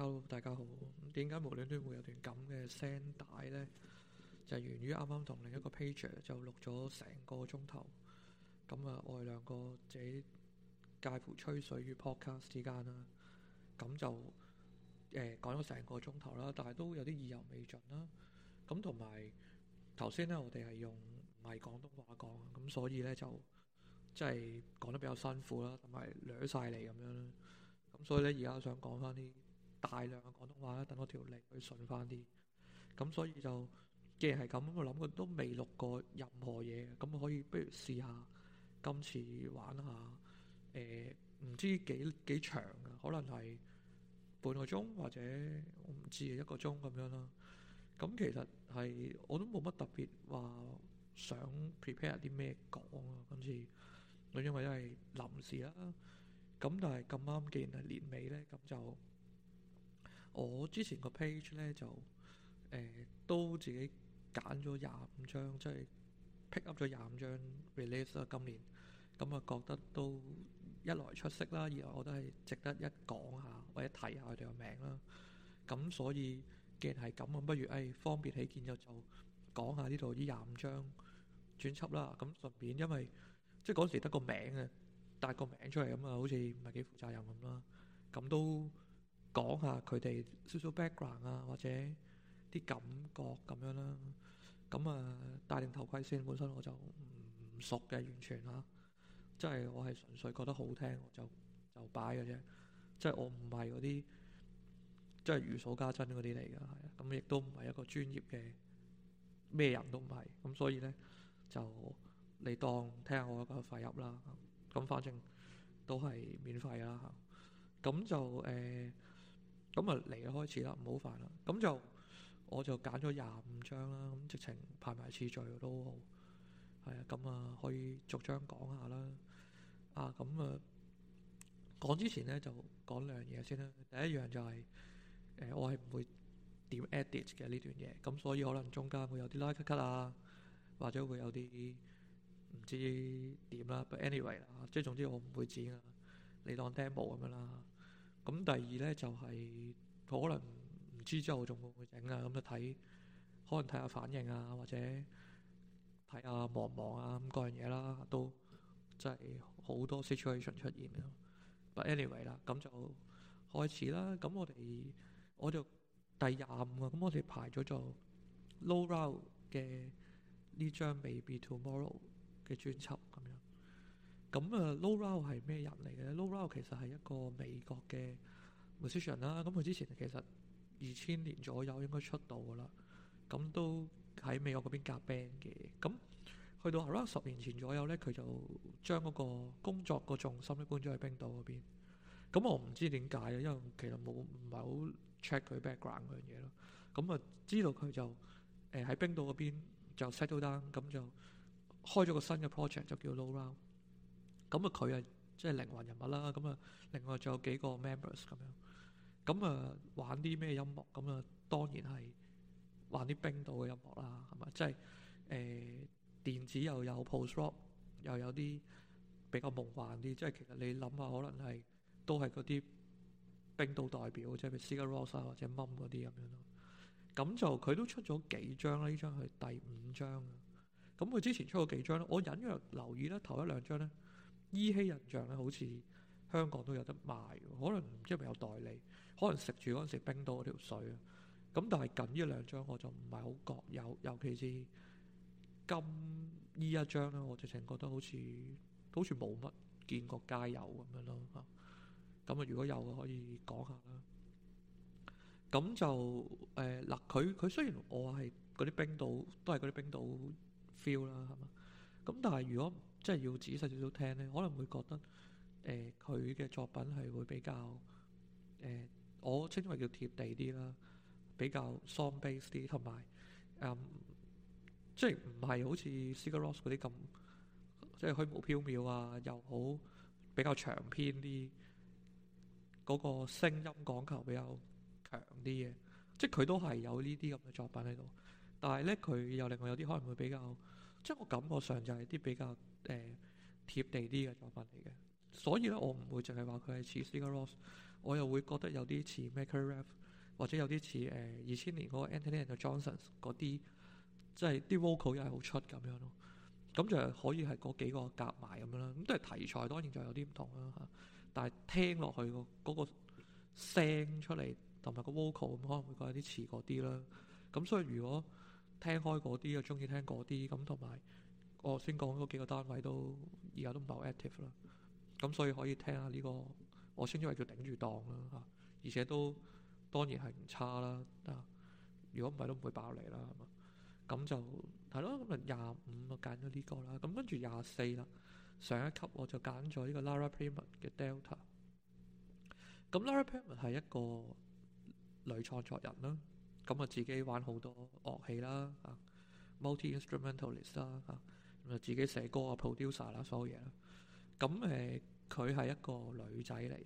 Hello，大家好。點解無端端都會有段咁嘅聲帶呢？就係源於啱啱同另一個 pager 就錄咗成個鐘頭。咁啊，我哋兩個自己介乎吹水與 podcast 之間啦。咁就誒講咗成個鐘頭啦，但係都有啲意猶未盡啦。咁同埋頭先呢，我哋係用唔係廣東話講，咁所以呢就即係講得比較辛苦啦，同埋攣曬嚟咁樣啦。咁所以呢，而家想講返啲大量嘅廣東話啦，等我條脷去順翻啲。咁所以就既然係咁我諗，佢都未錄過任何嘢，咁可以不如試下今次玩下。誒、呃，唔知幾幾長啊？可能係半個鐘或者我唔知一個鐘咁樣啦。咁其實係我都冇乜特別話想 prepare 啲咩講啊今次，因為因為臨時啦。咁但係咁啱，既然係年尾咧，咁就～我之前個 page 咧就誒、呃、都自己揀咗廿五張，即係 pick up 咗廿五張 release 啦。今年咁啊，就覺得都一來出色啦，二來我都係值得一講一下或者提下佢哋個名啦。咁所以既然係咁，咁不如誒、哎、方便起見就就講下呢度呢廿五張專輯啦。咁順便因為即係嗰時得個名呀，帶個名出嚟咁啊，好似唔係幾負責任咁啦。咁都。講下佢哋少少 background 啊，或者啲感覺咁樣啦。咁、嗯、啊，戴定頭盔先。本身我就唔熟嘅，完全吓，即、啊、係我係純粹覺得好聽，我就就擺嘅啫。即係我唔係嗰啲，即係如數家珍嗰啲嚟嘅，係啊。咁、嗯、亦都唔係一個專業嘅咩人都唔係。咁、嗯、所以咧，就你當聽下我個肺入啦。咁、啊、反正都係免費啦。咁、啊、就誒。呃咁啊嚟咗開始啦，唔好煩啦。咁就我就揀咗廿五張啦，咁直情排埋次序都好。係啊，咁啊可以逐張講下啦。啊，咁啊講之前咧就講兩樣嘢先啦。第一樣就係、是、誒、呃、我係唔會點 edit 嘅呢段嘢，咁所以可能中間會有啲拉咳咳啊，或者會有啲唔知點啦。But anyway 啦，即係總之我唔會剪啊，你當 demo 咁樣啦。咁第二咧就係可能唔知之後仲會唔會整啊，咁就睇，可能睇下反應啊，或者睇下忙唔忙啊，咁樣嘢啦，都即係好多 situation 出現咯。But anyway 啦，咁就開始啦。咁我哋我就第廿五啊，咁我哋排咗就 Low Roar 嘅呢張 Maybe Tomorrow 嘅專輯咁樣。咁啊，Low Roar 係咩人嚟嘅咧？Low Roar 其實係一個美國嘅 musician 啦。咁佢之前其實二千年左右應該出道噶啦。咁都喺美國嗰邊夾 band 嘅。咁去到啊，round 十年前左右咧，佢就將嗰個工作個重心咧搬咗去冰島嗰邊。咁我唔知點解啊，因為其實冇唔係好 check 佢 background 嗰樣嘢咯。咁啊，知道佢就誒喺冰島嗰邊就 settle down，咁就開咗個新嘅 project 就叫 Low Roar。咁啊，佢啊，即係靈魂人物啦。咁啊，另外仲有幾個 members 咁樣，咁啊，玩啲咩音樂？咁啊，當然係玩啲冰島嘅音樂啦，係嘛？即係誒、呃，電子又有 post rock，又有啲比較夢幻啲。即係其實你諗下，可能係都係嗰啲冰島代表，即係譬如 Sigur Ros 啊，或者 Mum 嗰啲咁樣咯。咁就佢都出咗幾張啦，呢張係第五張。咁佢之前出過幾張咧？我隱約留意啦。頭一兩張咧。依稀印象咧，好似香港都有得賣，可能唔知係咪有代理，可能食住嗰陣冰島嗰條水啊！咁但係近呢兩張我就唔係好覺有，尤其是金呢一張咧，我直情覺得好似好似冇乜見過街遊咁樣咯嚇。咁啊，啊如果有嘅，可以講下啦。咁、啊、就誒嗱，佢、呃、佢雖然我係嗰啲冰島都係嗰啲冰島 feel 啦，係嘛？咁、啊、但係如果即係要仔細少少聽咧，可能會覺得誒佢嘅作品係會比較誒、呃、我稱為叫貼地啲啦，比較 song based 啲，同埋誒即係唔係好似 Sigur Rós 嗰啲咁，即係虛無縹緲啊，又好比較長篇啲，嗰個聲音講求比較強啲嘅，即係佢都係有呢啲咁嘅作品喺度，但係咧佢又另外有啲可能會比較即係我感覺上就係啲比較。誒、呃、貼地啲嘅作品嚟嘅，所以咧、嗯、我唔會淨係話佢係似 singer-songwriters 我又會覺得有啲似 maker rap，或者有啲似誒二千年嗰個 Antony Johnson 嗰啲，即係啲 vocal 又係好出咁樣咯，咁就可以係嗰幾個夾埋咁樣啦。咁都係題材當然就有啲唔同啦嚇，但係聽落去個嗰聲出嚟同埋個 vocal 可能會覺得有啲似嗰啲啦。咁所以如果聽開嗰啲啊，中意聽嗰啲咁同埋。我先講嗰幾個單位都而家都唔係 active 啦，咁所以可以聽下呢個。我稱之為叫頂住檔啦嚇，而且都當然係唔差啦。如果唔係都唔會爆嚟啦。咁就係咯，咁啊廿五我揀咗呢個啦。咁跟住廿四啦，上一級我就揀咗呢個 Lara Prima 嘅 Delta。咁 Lara Prima 係一個女創作人啦，咁啊自己玩好多樂器啦嚇，multi instrumentalist 啦嚇。自己寫歌啊、producer 啦、所有嘢啦，咁誒佢係一個女仔嚟，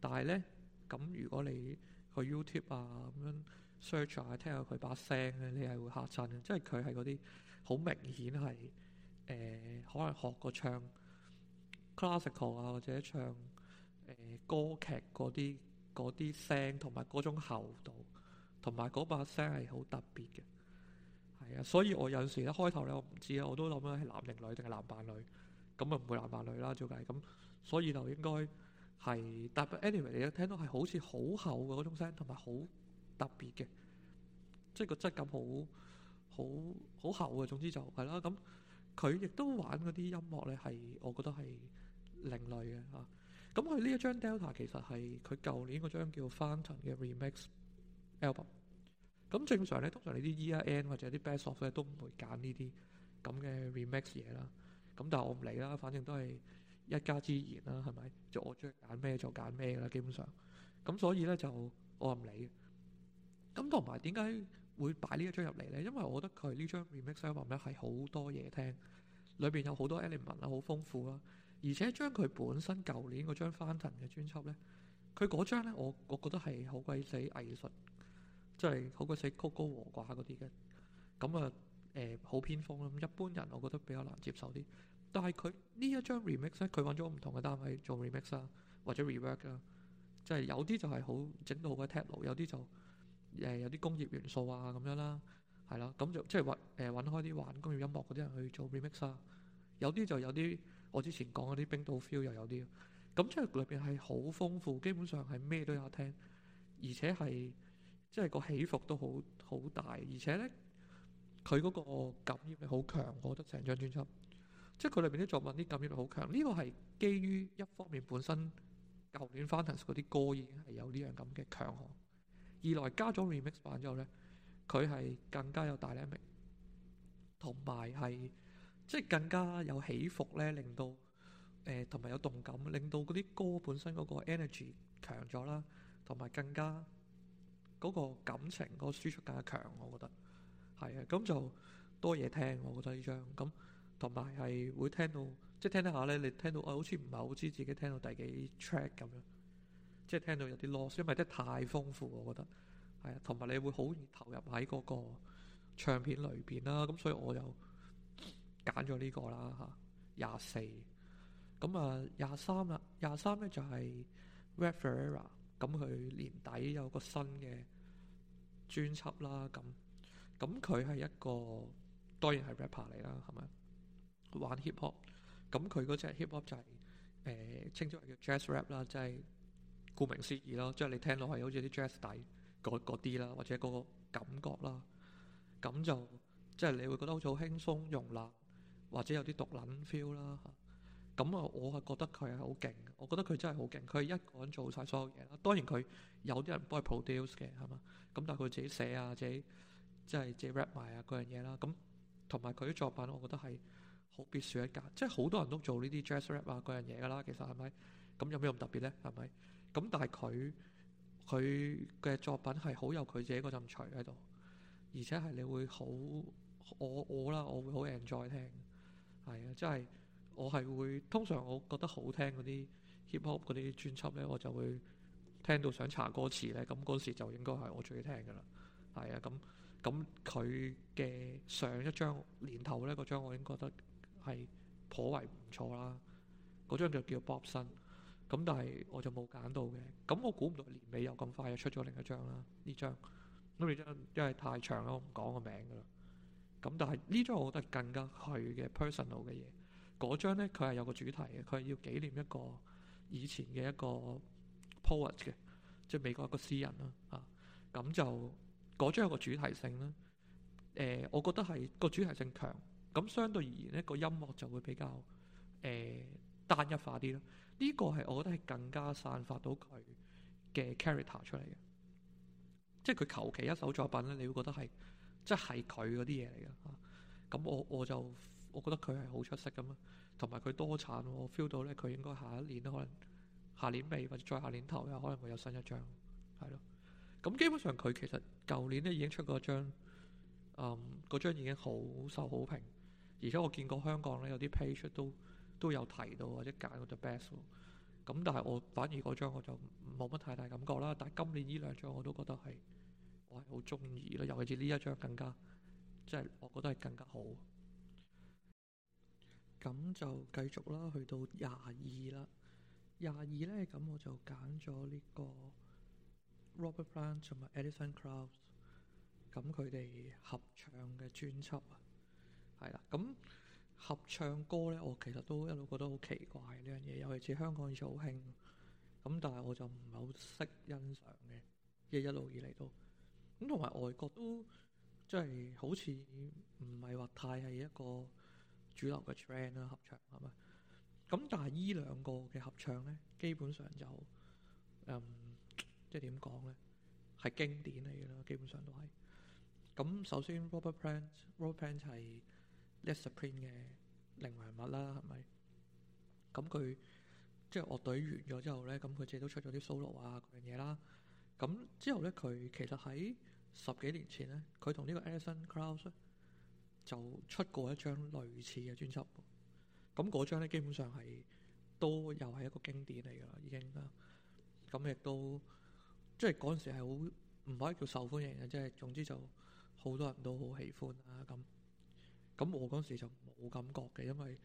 但係咧咁如果你去 YouTube 啊咁樣 search 啊，下聽下佢把聲咧，你係會嚇親嘅，即係佢係嗰啲好明顯係誒、呃、可能學過唱 classical 啊或者唱誒、呃、歌劇嗰啲嗰啲聲同埋嗰種厚度，同埋嗰把聲係好特別嘅。所以我有時咧開頭咧我唔知啊，我都諗緊係男定女定係男扮女，咁啊唔會男扮女啦，照計咁，所以就應該係但 anyway，你一聽到係好似好厚嘅嗰種聲，同埋好特別嘅，即係個質感好好好厚嘅。總之就係、是、啦，咁佢亦都玩嗰啲音樂咧，係我覺得係另類嘅嚇。咁佢呢一張 Delta 其實係佢舊年嗰張叫《Fountain》嘅 Remix Album。咁正常咧，通常你啲 Year End 或者啲 Best Of 咧都唔會揀呢啲咁嘅 Remix 嘢啦。咁但係我唔理啦，反正都係一家之言啦，係咪？就我中意揀咩就揀咩啦，基本上。咁所以咧就我唔理。咁同埋點解會擺呢一張入嚟咧？因為我覺得佢呢張 Remix Album 咧係好多嘢聽，裏邊有好多 Element 啦，好豐富啦。而且將佢本身舊年嗰張 Fountain 嘅專輯咧，佢嗰張咧我我覺得係好鬼死藝術。即係好鬼死曲高和寡嗰啲嘅，咁啊誒好偏鋒咁，一般人我覺得比較難接受啲，但係佢呢一張 remix 咧，佢揾咗唔同嘅單位做 remix 啊，或者 rework 啦、啊，即、就、係、是、有啲就係好整到好鬼 techno，有啲就誒、呃、有啲工業元素啊咁樣啦、啊，係啦，咁就即係揾誒揾開啲玩工業音樂嗰啲人去做 remix 啊。有啲就有啲我之前講嗰啲冰島 feel 又有啲，咁即係裏邊係好豐富，基本上係咩都有聽，而且係。即係個起伏都好好大，而且咧，佢嗰個感染力好強。我覺得成張專輯，即係佢裏邊啲作品啲感染力好強。呢個係基於一方面本身舊年 Funkers 嗰啲歌已經係有呢樣咁嘅強項，二來加咗 Remix 版之後咧，佢係更加有 Dynamic 同埋係即係更加有起伏咧，令到誒同埋有動感，令到嗰啲歌本身嗰個 Energy 強咗啦，同埋更加。嗰個感情嗰個輸出更加強，我覺得係啊，咁就多嘢聽，我覺得呢張咁同埋係會聽到，即係聽下咧，你聽到誒、哎、好似唔係好知自己聽到第幾 track 咁樣，即係聽到有啲 loss，因為真係太豐富，我覺得係啊，同埋你會好容易投入喺嗰個唱片裏邊啦，咁所以我就揀咗呢個啦嚇廿四，咁啊廿三啦，廿三咧就係 R.A.P. Ferreira 咁佢年底有個新嘅。專輯啦，咁咁佢係一個當然係 rapper 嚟啦，係咪玩 hip hop？咁佢嗰隻 hip hop 就係、是、誒、呃、稱咗係叫 jazz rap 啦，即係顧名思義咯，即係你聽落係好似啲 jazz 底嗰啲、那個、啦，或者嗰個感覺啦，咁就即係你會覺得好似好輕鬆慵懶，或者有啲獨撚 feel 啦。咁啊，我係覺得佢係好勁，我覺得佢真係好勁。佢一個人做晒所有嘢啦。當然佢有啲人幫佢 produce 嘅，係嘛？咁但係佢自己寫啊，自己即係自，自己 rap 埋啊嗰樣嘢啦。咁同埋佢啲作品，我覺得係好別樹一格。即係好多人都做呢啲 jazz rap 啊嗰樣嘢㗎啦，其實係咪？咁有咩咁特別咧？係咪？咁但係佢佢嘅作品係好有佢自己嗰陣錘喺度，而且係你會好我我啦，我會好 enjoy 聽，係啊，真係。我係會通常我覺得好聽嗰啲 hip hop 嗰啲專輯咧，我就會聽到想查歌詞咧。咁嗰時就應該係我最聽㗎喇。係啊，咁咁佢嘅上一張年頭咧，嗰張我已經覺得係頗為唔錯啦。嗰張就叫 Bob Sin，咁但係我就冇揀到嘅。咁我估唔到年尾又咁快又出咗另一張啦。呢張咁呢張因為太長啦，我唔講個名噶啦。咁但係呢張我覺得更加佢嘅 personal 嘅嘢。嗰張咧，佢係有個主題嘅，佢係要紀念一個以前嘅一個 poet 嘅，即係美國一個詩人啦，啊，咁就嗰張有個主題性啦。誒，我覺得係個主題性強，咁相對而言咧，個音樂就會比較誒單一化啲咯。呢個係我覺得係更加散發到佢嘅 character 出嚟嘅，即係佢求其一首作品咧，你會覺得係即係佢嗰啲嘢嚟嘅，啊，咁我我就。我覺得佢係好出色咁啊，同埋佢多產，我 feel 到咧佢應該下一年都可能下年尾或者再下年頭又可能會有新一張，係咯。咁基本上佢其實舊年咧已經出過一張，嗯，嗰張已經好受好評，而且我見過香港咧有啲 page 都都有提到或者揀嗰隻 best。咁但係我反而嗰張我就冇乜太大感覺啦。但係今年呢兩張我都覺得係我係好中意啦，尤其是呢一張更加，即係我覺得係更加好。咁就繼續啦，去到廿二啦，廿二咧，咁我就揀咗呢個 Robert Plant 同埋 Alison Krauss 咁佢哋合唱嘅專輯啊，係啦，咁合唱歌咧，我其實都一路覺得好奇怪呢樣嘢，尤其係香港以前好興，咁但係我就唔係好識欣賞嘅，即係一路以嚟都，咁同埋外國都即係、就是、好似唔係話太係一個。主流嘅 trend 啦，合唱係咪？咁但係依兩個嘅合唱咧，基本上就嗯，即係點講咧，係經典嚟嘅啦，基本上都係。咁首先 Robert Plant，Robert Plant 係 Led Zeppelin 嘅靈魂物啦，係咪？咁佢即係樂隊完咗之後咧，咁佢自己都出咗啲 solo 啊嗰樣嘢啦。咁之後咧，佢其實喺十幾年前咧，佢同呢個 Alison Krauss，就出過一張類似嘅專輯，咁嗰張咧，基本上係都又係一個經典嚟噶啦，已經啦。咁亦都即係嗰陣時係好唔可以叫受歡迎嘅，即係總之就好多人都好喜歡啦。咁咁我嗰陣時就冇感覺嘅，因為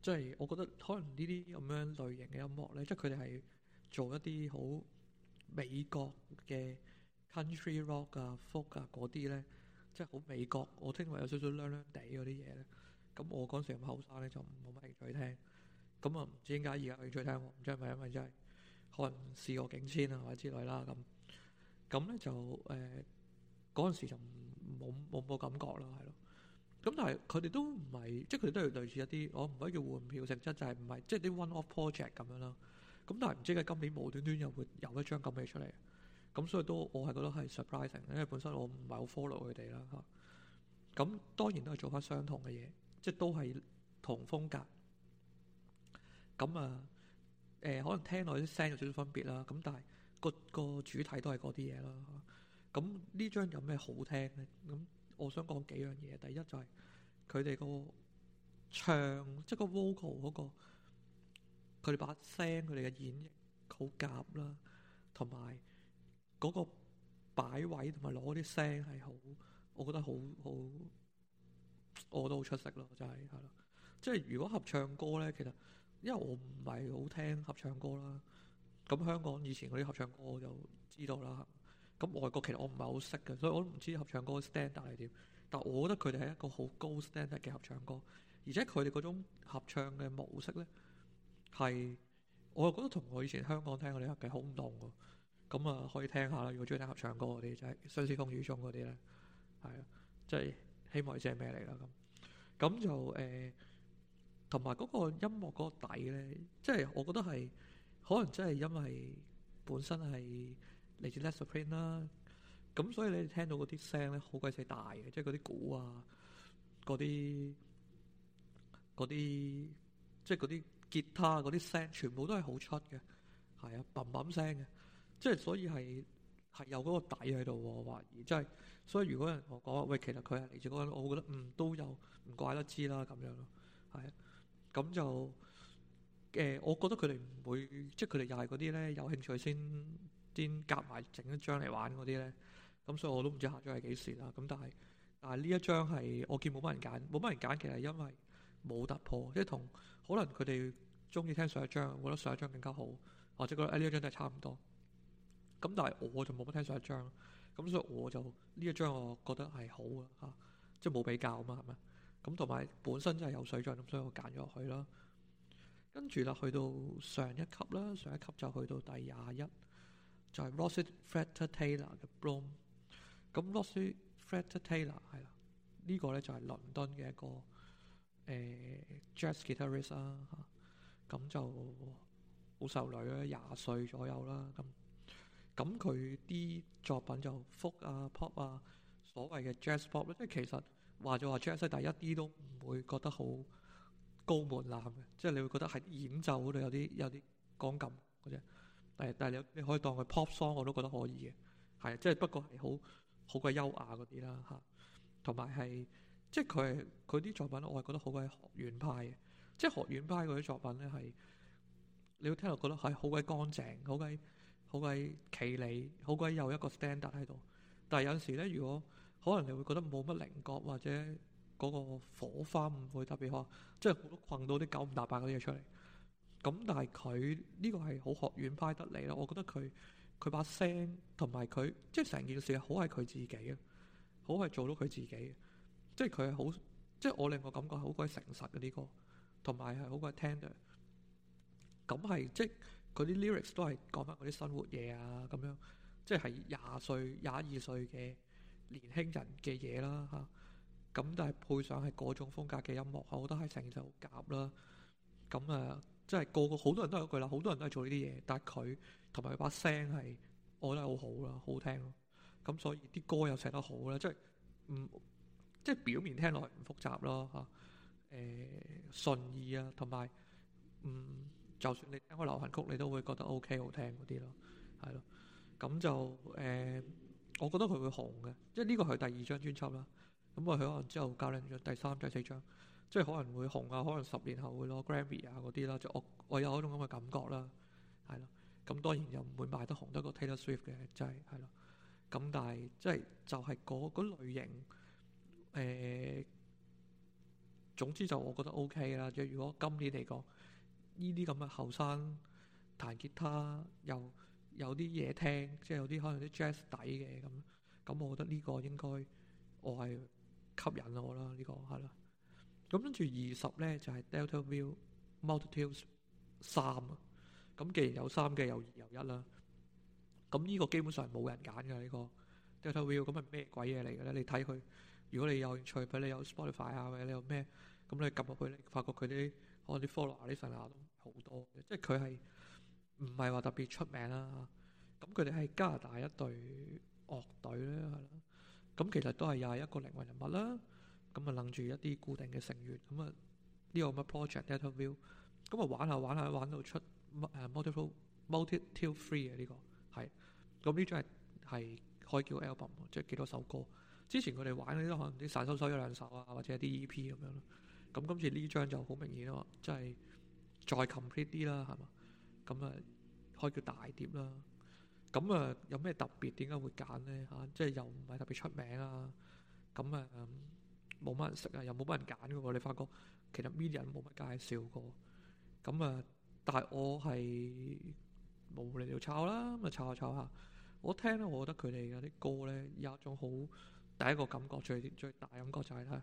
即係、就是、我覺得可能呢啲咁樣類型嘅音樂咧，即係佢哋係做一啲好美國嘅 country rock 啊、folk 啊嗰啲咧。即係好美國，我聽聞有少少孏孏地嗰啲嘢咧，咁我嗰陣時後生咧，就冇乜興趣聽。咁啊唔知點解而家興趣聽我，唔知係咪因為真係可能試過境遷啊，或者之類啦咁。咁咧就誒嗰陣時就冇冇冇感覺啦，係咯。咁但係佢哋都唔係，即係佢哋都係類似一啲我唔可以叫換票性質，就係唔係即係啲 one-off project 咁樣啦。咁但係唔知係今年無端端又會有一張咁嘅出嚟。咁所以都我係覺得係 surprising，因為本身我唔係好 follow 佢哋啦嚇。咁、啊、當然都係做翻相同嘅嘢，即係都係同風格。咁啊，誒、呃、可能聽落啲聲有少少分別啦。咁但係個個主題都係嗰啲嘢啦。咁、啊、呢張有咩好聽咧？咁我想講幾樣嘢。第一就係佢哋個唱，即、就、係、是、個 vocal 嗰、那個，佢哋把聲，佢哋嘅演繹好夾啦，同埋。嗰個擺位同埋攞啲聲係好，我覺得好好，我覺得好出色咯，就係係咯。即係如果合唱歌咧，其實因為我唔係好聽合唱歌啦，咁香港以前嗰啲合唱歌我就知道啦。咁外國其實我唔係好識嘅，所以我都唔知合唱歌 standard 係點。但我覺得佢哋係一個好高 standard 嘅合唱歌，而且佢哋嗰種合唱嘅模式咧，係我又覺得同我以前香港聽嘅啲合唱好唔同㗎。咁啊、嗯，可以聽下啦。如果中意聽合唱歌嗰啲，就係《相思風雨中》嗰啲咧，係啊，即係希望知係咩嚟啦。咁咁就誒，同埋嗰個音樂嗰個底咧，即係我覺得係可能真係因為本身係嚟自 Leslie Print 啦。咁所以你聽到嗰啲聲咧，好鬼死大嘅，即係嗰啲鼓啊，嗰啲嗰啲，即係嗰啲吉他嗰啲聲，全部都係好出嘅，係啊，嘭嘭聲嘅。即係，所以係係有嗰個底喺度、哦。我懷疑，即係所以。如果人同我講喂，其實佢係嚟自嗰，我覺得嗯都有唔怪得知啦。咁樣咯，係咁就誒、呃，我覺得佢哋唔會即係佢哋又係嗰啲咧，有興趣先先夾埋整一張嚟玩嗰啲咧。咁、嗯、所以我都唔知下張係幾時啦。咁但係但係呢一張係我見冇乜人揀，冇乜人揀，其實因為冇突破，即係同可能佢哋中意聽上一張，我覺得上一張更加好，或者覺得呢一張都係差唔多。咁但係我就冇乜聽上一張，咁所以我就呢一張我覺得係好啊，嚇，即係冇比較啊嘛，係咪？咁同埋本身真係有水準，咁所以我揀咗落去啦。跟住啦，去到上一級啦，上一級就去到第廿一，lor, 這個、就係 Rosie Frater-Taylor 嘅 Bloom。咁 Rosie Frater-Taylor 係啦，呢個咧就係倫敦嘅一個誒、呃、jazz guitarist 啦、啊，嚇，咁就好受女啦，廿歲左右啦，咁。咁佢啲作品就 folk 啊、pop 啊、所謂嘅 jazz pop 咧，即係其實話就話 jazz，但係一啲都唔會覺得好高門檻嘅，即係你會覺得係演奏度有啲有啲鋼琴嗰隻，但係但係你你可以當佢 pop song 我都覺得可以嘅，係即係不過係好好鬼優雅嗰啲啦嚇，同埋係即係佢係佢啲作品我係覺得好鬼學院派嘅，即係學院派嗰啲作品咧係，你會聽落覺得係好鬼乾淨，好鬼。好鬼企理，好鬼有一個 standard 喺度，但係有時咧，如果可能你會覺得冇乜靈覺或者嗰個火花，唔會特別好，即係困到啲九唔搭八嗰啲嘢出嚟。咁但係佢呢個係好學院派得嚟咯，我覺得佢佢把聲同埋佢即係成件事好係佢自己嘅，好係做到佢自己嘅，即係佢係好即係我令我感覺係好鬼誠實嘅呢個，同埋係好鬼 tender。咁係即嗰啲 lyrics 都係講翻嗰啲生活嘢啊，咁樣即係廿歲、廿二歲嘅年輕人嘅嘢啦嚇。咁、啊、但係配上係嗰種風格嘅音樂、啊，我覺得係成就夾啦。咁啊，即係個個好多人都有句啦，好多人都係做呢啲嘢，但係佢同埋佢把聲係，我覺得係好好啦，好好聽咯、啊。咁、啊、所以啲歌又寫得好咧，即係唔即係表面聽落去唔複雜咯、啊、嚇。誒、啊欸、順意啊，同埋嗯。就算你聽開流行曲，你都會覺得 O、OK, K 好聽嗰啲咯，係咯、啊。咁就誒、呃，我覺得佢會紅嘅，即係呢個係第二張專輯啦。咁啊，佢可能之後搞緊咗第三、第四張，即係可能會紅啊。可能十年後會攞 Grammy 啊嗰啲啦，即我我有嗰種咁嘅感覺啦，係咯、啊。咁當然又唔會賣得紅得過 Taylor Swift 嘅，真係係咯。咁、啊、但係即係就係嗰嗰類型誒、呃，總之就我覺得 O、OK、K 啦。即係如果今年嚟講。呢啲咁嘅後生彈吉他，又有啲嘢聽，即係有啲可能啲 jazz 底嘅，咁，咁我覺得呢個應該我係吸引我啦，這個、呢個係啦。咁跟住二十咧就係、是、Delta Will Multitudes 三啊，咁既然有三嘅，有二，又一啦。咁呢個基本上冇人揀嘅、這個、呢個 Delta Will，咁係咩鬼嘢嚟嘅咧？你睇佢，如果你有興趣，俾你有 Spotify 啊，或者你有咩，咁你撳入去，你發覺佢啲。我啲 follow 呢份啊好多，即係佢係唔係話特別出名啦？咁佢哋係加拿大一隊樂隊咧，係啦。咁其實都係又係一個靈魂人物啦。咁啊，楞住一啲固定嘅成員，咁啊，呢個乜 project，data view，咁啊玩下玩下玩到出 multiple multi till three 嘅呢、這個係。咁呢張係係可以叫 album，即係幾多首歌。之前佢哋玩嗰都可能啲散修修一兩首啊，或者啲 EP 咁樣咯。咁今次呢張就好明顯咯，即係再 complete 啲啦，係嘛？咁啊，可以叫大碟啦。咁啊，有咩特別？點解會揀咧？嚇、啊，即係又唔係特別出名啊？咁啊，冇、嗯、乜人識啊，又冇乜人揀嘅喎。你發覺其實 media 冇乜介紹過。咁啊，但係我係冇理釐釐炒啦，咁啊炒下炒下。我聽咧，我覺得佢哋有啲歌咧有一種好第一個感覺，最最大感覺就係、是、咧。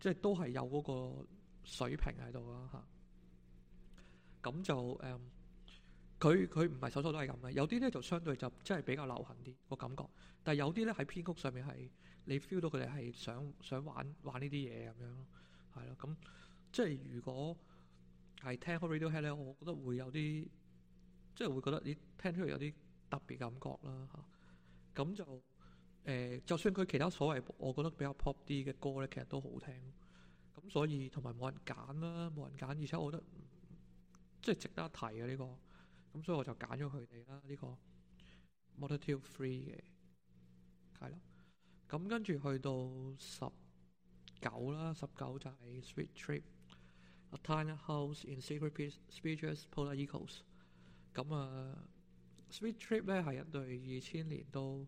即係都係有嗰個水平喺度咯嚇，咁、啊、就誒，佢佢唔係首首都係咁嘅，有啲咧就相對就即係比較流行啲、嗰個感覺，但係有啲咧喺編曲上面係你 feel 到佢哋係想想玩玩呢啲嘢咁樣咯，係咯，咁、嗯、即係如果係聽開 Radiohead 咧，我覺得會有啲即係會覺得你聽出嚟有啲特別嘅感覺啦嚇，咁、啊、就。誒、呃，就算佢其他所謂我覺得比較 pop 啲嘅歌咧，其實都好聽。咁、嗯、所以同埋冇人揀啦，冇人揀。而且我覺得、嗯、即係值得提嘅、啊、呢、這個。咁、嗯、所以我就揀咗佢哋啦。呢、這個 MotorTillFree 嘅，係啦。咁、嗯、跟住去到十九啦，十九就係 SweetTrip，A Tiny House in Secret Speeches Polar Equals、嗯。咁、呃、啊，SweetTrip 咧係一對二千年都。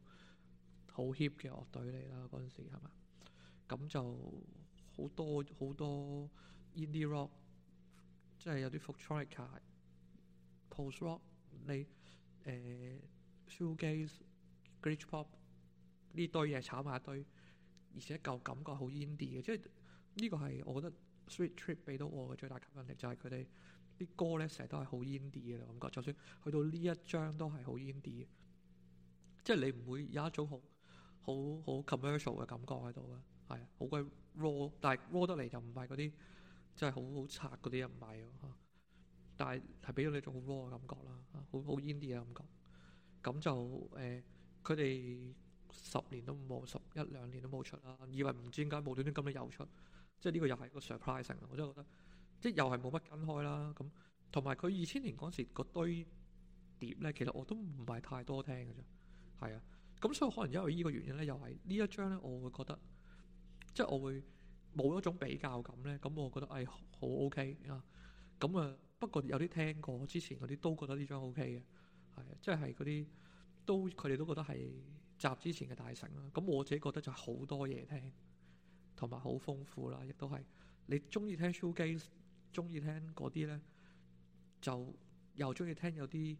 好 hip 嘅樂隊嚟啦，嗰陣時係嘛？咁就好多好多 indie rock，即係有啲 folk rock，post rock，你誒，shoegaze，glitch pop 呢堆嘢炒埋一堆，而且舊感覺好 indie 嘅，即係呢個係我覺得 Sweet Trip 俾到我嘅最大吸引力，就係佢哋啲歌咧成日都係好 indie 嘅感覺，就算去到呢一張都係好 indie 嘅，即係你唔會有一組好。好好 commercial 嘅感覺喺度啊，係啊，好鬼 raw 但係 raw 得嚟就唔係嗰啲真係好好拆嗰啲，唔係喎，但係係俾咗你種好 raw 嘅感覺啦，好好 indie 嘅感覺。咁就誒，佢、呃、哋十年都冇，十一兩年都冇出啦。以為唔知點解冇端端咁樣又出，即係呢個又係個 surprising。我真係覺得即係又係冇乜跟開啦。咁同埋佢二千年嗰時個堆碟咧，其實我都唔係太多聽嘅啫，係啊。咁、嗯、所以可能因為呢個原因咧，又係呢一張咧，我會覺得即係我會冇一種比較感咧。咁、嗯、我覺得誒好、哎、OK 啊、嗯。咁、嗯、啊，不過有啲聽過之前嗰啲都覺得呢張 OK 嘅，係即係嗰啲都佢哋都覺得係集之前嘅大成啦。咁、嗯、我自己覺得就好多嘢聽，同埋好豐富啦，亦都係你中意聽 shoegaze，中意聽嗰啲咧，就又中意聽有啲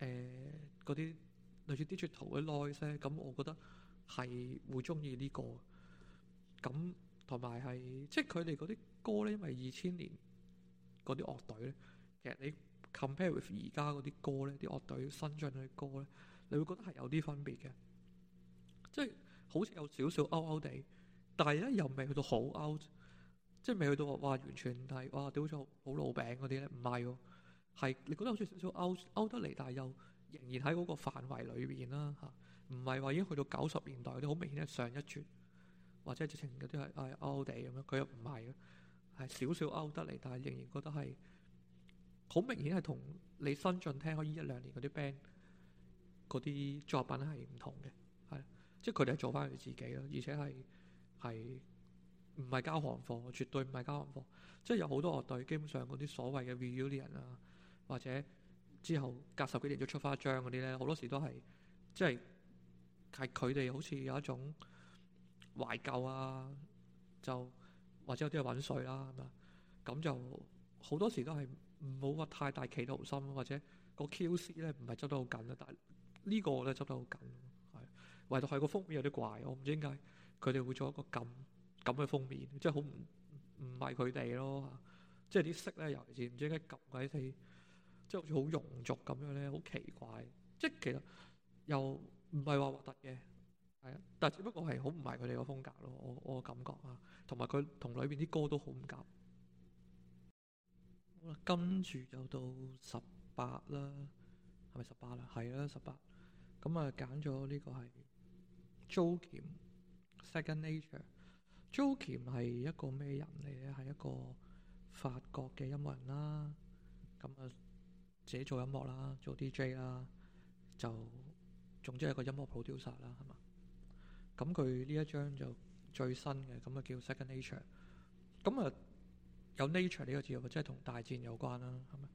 誒嗰啲。呃類似 digital 嘅 noise 咧，咁我覺得係會中意呢個。咁同埋係即係佢哋嗰啲歌咧，因為二千年嗰啲樂隊咧，其實你 compare with 而家嗰啲歌咧，啲樂隊新進嘅歌咧，你會覺得係有啲分別嘅。即係好似有少少 out out 啲，但係咧又未去到好 out，即係未去到話完全係哇屌好似好老餅嗰啲咧，唔係喎，係你覺得好似少少 out out 得嚟，但係又～仍然喺嗰個範圍裏邊啦，嚇，唔係話已經去到九十年代嗰啲好明顯係上一絕，或者直情嗰啲係係歐地咁樣，佢又唔係嘅，係少少勾得嚟，但係仍然覺得係好明顯係同你新進聽開呢一兩年嗰啲 band 嗰啲作品係唔同嘅，係，即係佢哋係做返佢自己咯，而且係係唔係交行貨，絕對唔係交行貨，即係有好多樂隊，基本上嗰啲所謂嘅 reunion 啊，或者。之後隔十幾年再出翻一張嗰啲咧，好多時都係即係係佢哋好似有一種懷舊啊，就或者有啲係揾水啦，係嘛，咁，咁就好多時都係冇乜太大企圖心，或者個 QC 咧唔係執得好緊啊。但係呢個咧執得好緊，係唯獨係個封面有啲怪，我唔知點解佢哋會做一個咁咁嘅封面，即係好唔唔係佢哋咯，即係啲色咧尤其是唔知點解咁鬼死。即係好似好庸俗咁樣咧，好奇怪！即係其實又唔係話核突嘅，係啊，但係只不過係好唔係佢哋個風格咯，我我嘅感覺啊，同埋佢同裏邊啲歌都好唔夾。好啦、嗯，跟住就到十八啦，係咪十八啦？係啦，十八。咁啊，揀咗呢個係 Joakim Second Nature。Joakim 係一個咩人嚟咧？係一個法國嘅音樂人啦。咁啊～自己做音樂啦，做 DJ 啦，就總之係一個音樂 producer 啦，係嘛？咁佢呢一張就最新嘅，咁啊叫 Second Nature。咁啊有 Nature 呢個字咪即係同大自然有關啦，係咪？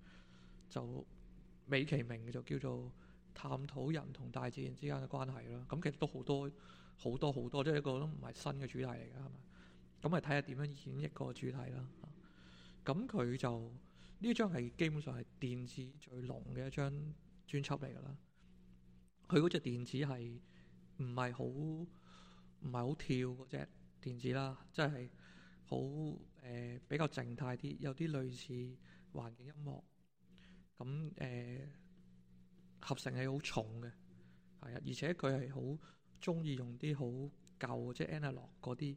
就美其名就叫做探討人同大自然之間嘅關係咯。咁其實都好多好多好多，即係一個都唔係新嘅主題嚟㗎，係嘛？咁啊睇下點樣演繹個主題啦。咁、啊、佢就。呢張係基本上係電子最濃嘅一張專輯嚟㗎啦。佢嗰隻電子係唔係好唔係好跳嗰隻電子啦，即係好誒，比較靜態啲，有啲類似環境音樂。咁誒、呃、合成器好重嘅，係啊，而且佢係好中意用啲好舊，即係 analog 嗰啲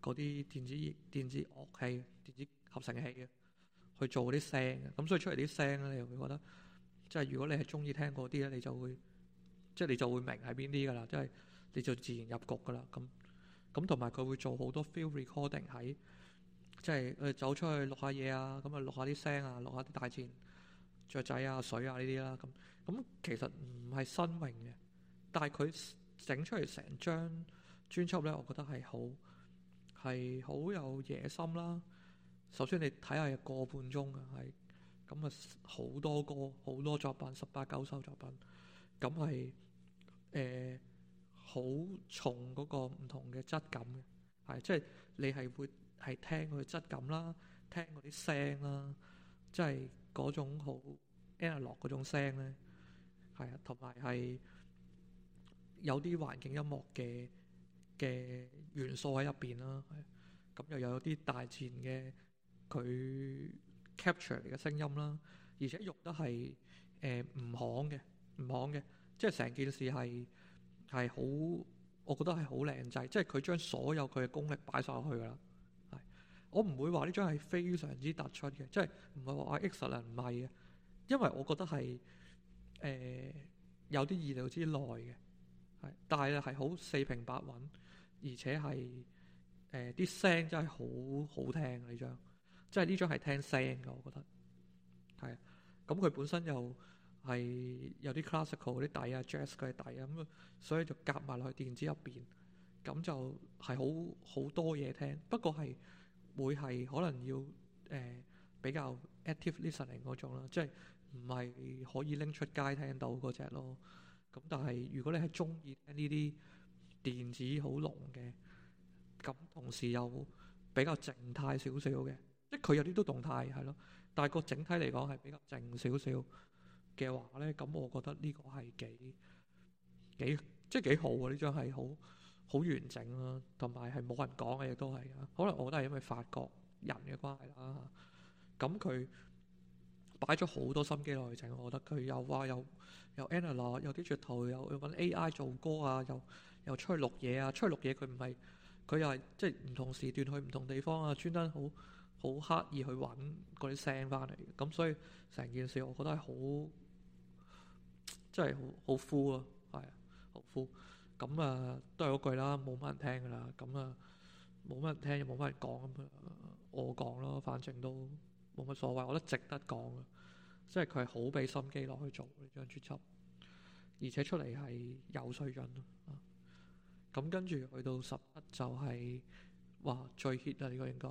嗰啲電子電子樂器、電子合成器嘅。去做啲聲嘅，咁所以出嚟啲聲咧，你會覺得即係如果你係中意聽嗰啲咧，你就會即係你就會明係邊啲噶啦，即係你就自然入局噶啦。咁咁同埋佢會做好多 field recording 喺，即係誒走出去錄下嘢啊，咁啊錄下啲聲啊，錄一下啲大自然雀仔啊、水啊呢啲啦。咁咁其實唔係新穎嘅，但係佢整出嚟成張專輯咧，我覺得係好係好有野心啦。首先你睇下個半鐘係咁啊，好多歌好多作品，十八九首作品，咁係誒好重嗰個唔同嘅質感嘅，係即係你係會係聽佢嘅質感啦，聽嗰啲聲啦，即係嗰種好 analog 嗰種聲咧，係啊，同埋係有啲環境音樂嘅嘅元素喺入邊啦，咁又有啲大自然嘅。佢 capture 你嘅聲音啦，而且用得係誒唔行嘅，唔行嘅，即係成件事係係好，我覺得係好靚仔。即係佢將所有佢嘅功力擺曬落去㗎啦。係我唔會話呢張係非常之突出嘅，即係唔係話 excellent 唔係嘅，因為我覺得係誒、呃、有啲意料之內嘅係，但係係好四平八穩，而且係誒啲聲真係好好聽呢張。即係呢張係聽聲嘅，我覺得係啊。咁佢本身又係有啲 classical 啲底啊，jazz 嗰啲底啊，咁、嗯、所以就夾埋落去電子入邊，咁就係好好多嘢聽。不過係會係可能要誒、呃、比較 active listening 嗰種啦，即係唔係可以拎出街聽到嗰隻咯。咁但係如果你係中意呢啲電子好濃嘅，咁同時又比較靜態少少嘅。即係佢有啲都動態係咯，但係個整體嚟講係比較靜少少嘅話咧，咁我覺得呢個係幾幾即係幾好啊！呢張係好好完整啦，啊，同埋係冇人講嘅嘢都係啊。可能我覺得係因為法國人嘅關係啦，啊。咁佢擺咗好多心機落去整，我覺得佢又話又又 analog 啊，有啲噱頭，又揾 AI 做歌啊，又又出去錄嘢啊，出去錄嘢佢唔係佢又係即係唔同時段去唔同地方啊，專登好。好刻意去揾嗰啲聲翻嚟，咁所以成件事，我覺得係好真係好好 full 咯，係好 full。咁、嗯、啊，都係嗰句啦，冇乜人聽㗎啦。咁、嗯、啊，冇乜人聽又冇乜人講，咁我講咯。反正都冇乜所謂，我覺得值得講啊。即係佢係好俾心機落去做呢張專輯，而且出嚟係有水準咯。咁、嗯嗯嗯、跟住去到十一、就係，就係話最 hit 啊，呢個應該。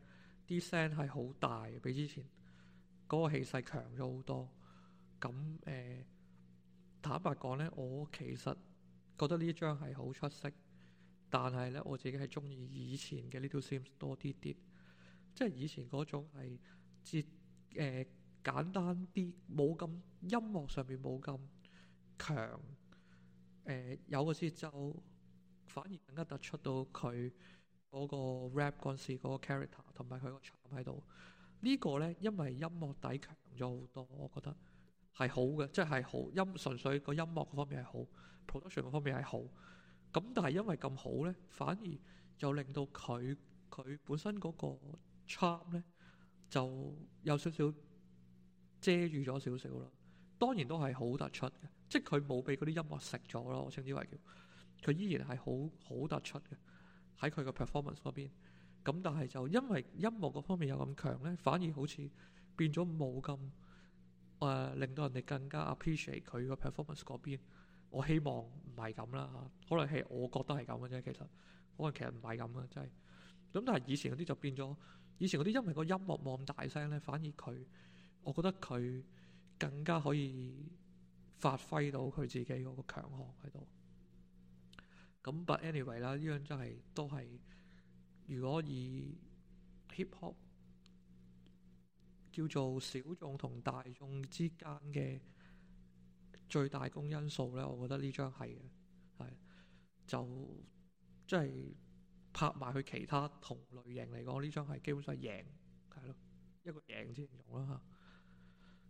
啲聲係好大，比之前嗰個氣勢強咗好多。咁誒、呃，坦白講咧，我其實覺得呢張係好出色，但係咧我自己係中意以前嘅《Little Simz》多啲啲，即係以前嗰種係接誒簡單啲，冇咁音樂上面冇咁強。誒、呃，有個節奏反而更加突出到佢。嗰個 rap 嗰陣時嗰個 character 同埋佢個 charm 喺度，呢個咧因為音樂底強咗好多，我覺得係好嘅，即係係好音純粹個音樂嗰方面係好，production 嗰方面係好。咁但係因為咁好咧，反而就令到佢佢本身嗰個 charm 咧就有少少遮住咗少少啦。當然都係好突出嘅，即係佢冇俾嗰啲音樂食咗咯，我稱之為叫佢依然係好好突出嘅。喺佢個 performance 嗰邊，咁但係就因為音樂嗰方面又咁強咧，反而好似變咗冇咁誒，令到人哋更加 appreciate 佢個 performance 嗰邊。我希望唔係咁啦嚇，可能係我覺得係咁嘅啫。其實可能其實唔係咁嘅，真係。咁但係以前嗰啲就變咗，以前嗰啲因為個音樂冇咁大聲咧，反而佢，我覺得佢更加可以發揮到佢自己嗰個強項喺度。咁，but anyway 啦，呢張真係都係。如果以 hip hop 叫做小眾同大眾之間嘅最大公因素咧，我覺得呢張係嘅，係就即係、就是、拍埋佢其他同類型嚟講，呢張係基本上係贏係咯，一個贏之形容啦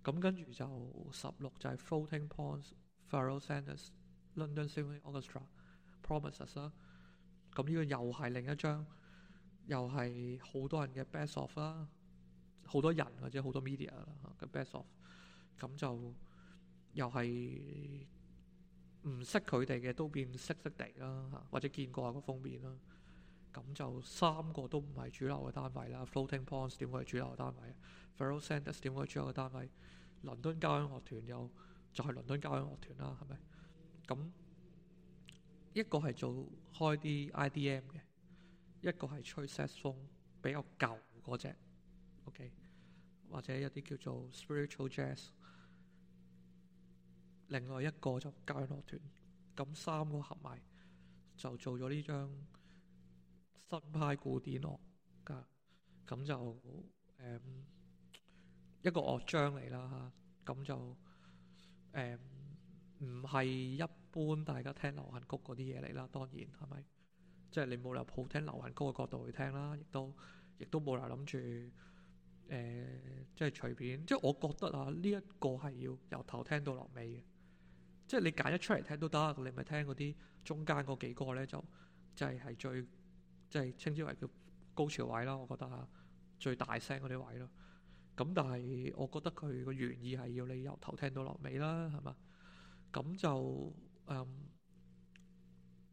吓，咁跟住就十六就係 Floating Points、Pharoah Sanders、London Symphony Orchestra。promises 啦，咁呢個又係另一張，又係好多人嘅 best of 啦，好多人或者好多 media 嘅 best of，咁就又係唔識佢哋嘅都變識識地啦，或者見過個封面啦，咁就三個都唔係主流嘅單位啦，floating points 點會係主流單位，Pharoah Sanders 點會係主流嘅單位，倫敦交響樂團又就係倫敦交響樂團啦，係咪？咁一個係做開啲 IDM 嘅，一個係吹 sax 風比較舊嗰隻，OK，或者一啲叫做 spiritual jazz，另外一個就交響樂團，咁三個合埋就做咗呢張新派古典樂噶，咁就誒、嗯、一個樂章嚟啦吓，咁就誒唔係一。般大家聽流行曲嗰啲嘢嚟啦，當然係咪？即係你冇理由好聽流行曲嘅角度去聽啦，亦都亦都冇理由諗住誒，即係隨便。即係我覺得啊，呢一個係要由頭聽到落尾嘅。即係你揀一出嚟聽都得，你咪聽嗰啲中間嗰幾個咧，就即係係最即係稱之為叫高潮位啦。我覺得啊，最大聲嗰啲位咯。咁但係我覺得佢個原意係要你由頭聽到落尾啦，係嘛？咁就。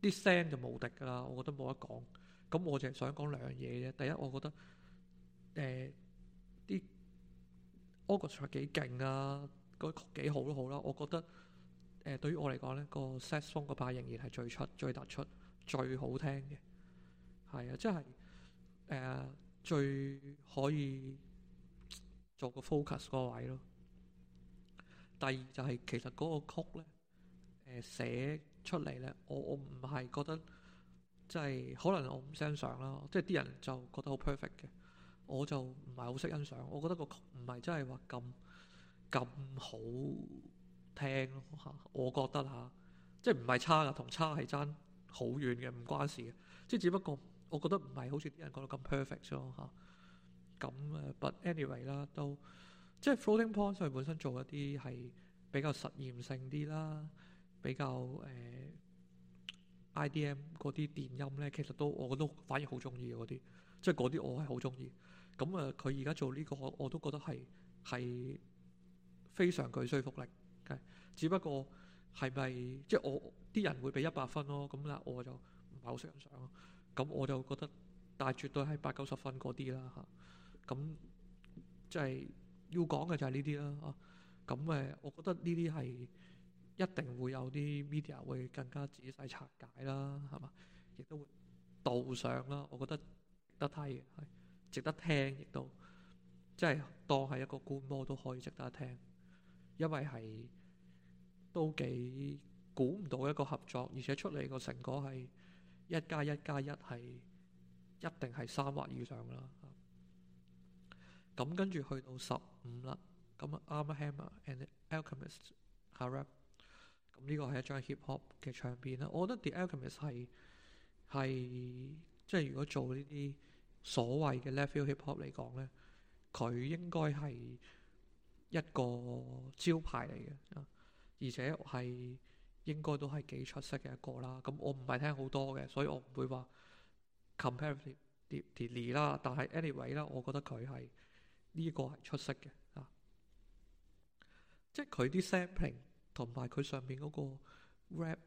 啲聲、um, 就無敵噶啦，我覺得冇得講。咁我淨係想講兩嘢啫。第一，我覺得誒啲、呃、August 幾勁啊，嗰曲幾好都好啦。我覺得誒、呃、對於我嚟講咧，個 saxophone 個把仍然係最出、最突出、最好聽嘅。係啊，即係誒最可以做個 focus 個位咯。第二就係、是、其實嗰個曲咧。誒、呃、寫出嚟咧，我我唔係覺得即係可能我唔欣賞啦，即係啲人就覺得好 perfect 嘅，我就唔係好識欣賞。我覺得個曲唔係真係話咁咁好聽咯嚇、啊，我覺得嚇、啊，即係唔係差噶，同差係爭好遠嘅，唔關事嘅。即係只不過我覺得唔係好似啲人講到咁 perfect 咯嚇。咁、啊、誒，but、啊、anyway 啦，都即係 floating point 佢本身做一啲係比較實驗性啲啦。比較誒、呃、IDM 嗰啲電音咧，其實都我覺得反而好中意嗰啲，即係嗰啲我係好中意。咁啊、這個，佢而家做呢個，我都覺得係係非常具說服力。只不過係咪即係我啲人會俾一百分咯？咁嗱，我就唔係好想信咯。咁我就覺得，但係絕對係八九十分嗰啲啦嚇。咁即係要講嘅就係呢啲啦。咁誒，我覺得呢啲係。一定會有啲 media 會更加仔細拆解啦，係嘛？亦都會導上啦。我覺得值得睇，係值得聽，亦都即係當係一個觀摩都可以值得聽，因為係都幾估唔到一個合作，而且出嚟個成果係一加一加一係一定係三或以上啦。咁跟住去到十五啦，咁 Armand Hammer and Alchemist。呢個係一張 hip hop 嘅唱片啦，我覺得 The Alchemist 係係即係如果做呢啲所謂嘅 left field hip hop 嚟講咧，佢應該係一個招牌嚟嘅，而且係應該都係幾出色嘅一個啦。咁我唔係聽好多嘅，所以我唔會話 comparative 啲啲劣啦。但係 anyway 啦，我覺得佢係呢個係出色嘅啊，即係佢啲 sampling。同埋佢上面嗰個 rap，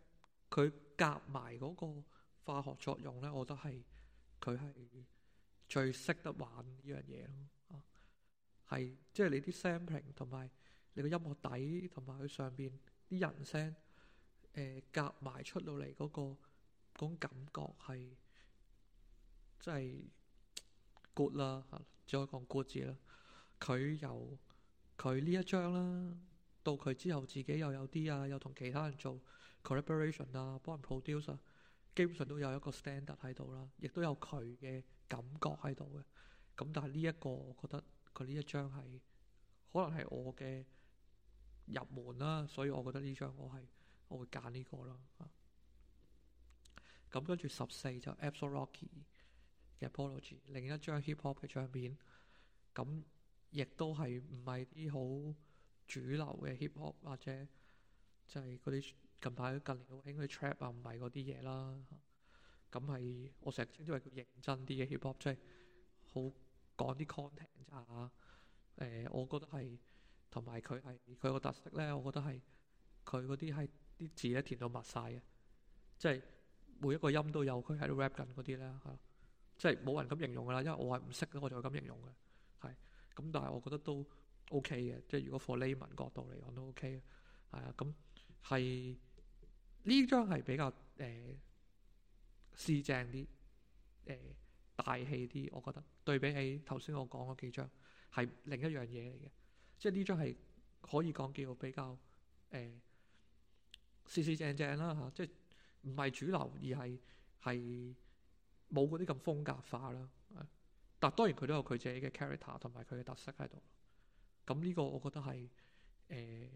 佢夾埋嗰個化學作用咧，我覺得係佢係最識得玩呢樣嘢咯。啊，係即係你啲 sampling 同埋你個音樂底，同埋佢上邊啲人聲誒夾埋出到嚟嗰個種感覺係即係 good 啦，再講 good 字啦。佢由佢呢一張啦。到佢之後，自己又有啲啊，又同其他人做 collaboration 啊，幫人 produce 啊，基本上都有一個 standard 喺度啦，亦都有佢嘅感覺喺度嘅。咁但係呢一個，我覺得佢呢一張係可能係我嘅入門啦，所以我覺得呢張我係我會揀呢個啦。咁、啊、跟住十四就 Aesop Rock 嘅 Garbology，另一張 hip hop 嘅唱片，咁亦都係唔係啲好主流嘅 hip hop 或者就係嗰啲近排近年好興嗰啲 trap 啊唔係嗰啲嘢啦，咁係我成日稱之為叫認真啲嘅 hip hop，即係好講啲 content 咋誒？我覺得係同埋佢係佢個特色咧，我覺得係佢嗰啲係啲字咧填到密晒嘅，即係每一個音都有佢喺度 rap 緊嗰啲咧嚇，即係冇人咁形容噶啦，因為我係唔識，我就咁形容嘅係咁，但係我覺得都。O K 嘅，即係如果 for layman 角度嚟講都 O K，係啊，咁係呢張係比較誒四、呃、正啲，誒、呃、大氣啲，我覺得對比起頭先我講嗰幾張係另一樣嘢嚟嘅，即係呢張係可以講叫比較誒四四正正啦吓、啊，即係唔係主流而係係冇啲咁風格化啦、啊，但當然佢都有佢自己嘅 character 同埋佢嘅特色喺度。咁呢個我覺得係誒，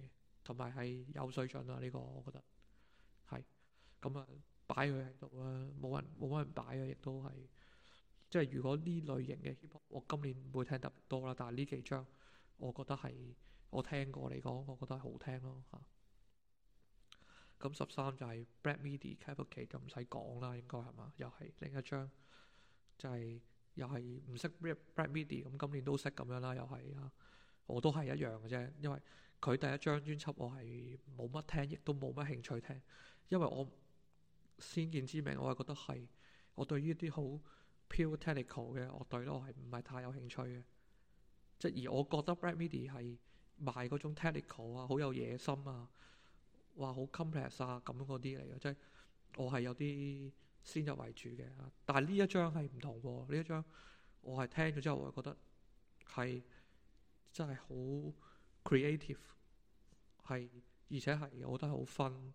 同埋係有水準啦。呢、這個我覺得係咁啊，擺佢喺度啦，冇、嗯、人冇乜人擺啊，亦都係即係。如果呢類型嘅我今年唔會聽特別多啦。但係呢幾張我覺得係我聽過嚟講，我覺得係好聽咯嚇。咁、嗯、十三就係 black midi Cavalcade，就唔使講啦，應該係嘛？又係另一張就係、是、又係唔識 black midi 咁，今年都識咁樣啦，又係啊。我都係一樣嘅啫，因為佢第一張專輯我係冇乜聽，亦都冇乜興趣聽，因為我先見之明，我係覺得係我對於啲好 pure technical 嘅樂隊咯，我係唔係太有興趣嘅。即而我覺得 Bread Media 係賣嗰種 technical 啊，好有野心哇啊，話好 complex 啊咁嗰啲嚟嘅，即係我係有啲先入為主嘅。但係呢一張係唔同喎，呢一張我係聽咗之後，我就覺得係。真係好 creative，係而且係我覺得好分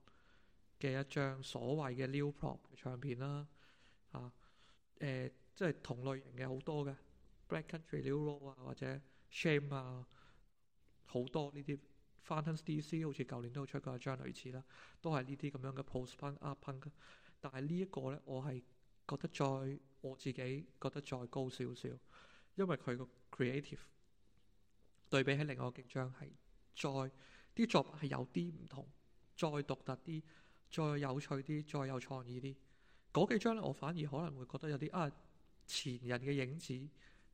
嘅一張所謂嘅 new prop 唱片啦，嚇、啊、誒，即、啊、係、呃、同類型嘅好多嘅 Black Country New Road 啊或者 Shame 啊多好多呢啲 Fontaines DC，好似舊年都出過一張類似啦，都係呢啲咁樣嘅 post punk 啊 punk，但係呢一個咧我係覺得再我自己覺得再高少少，因為佢個 creative。對比起另外幾張係再啲作品係有啲唔同，再獨特啲，再有趣啲，再有創意啲。嗰幾張咧，我反而可能會覺得有啲啊前人嘅影子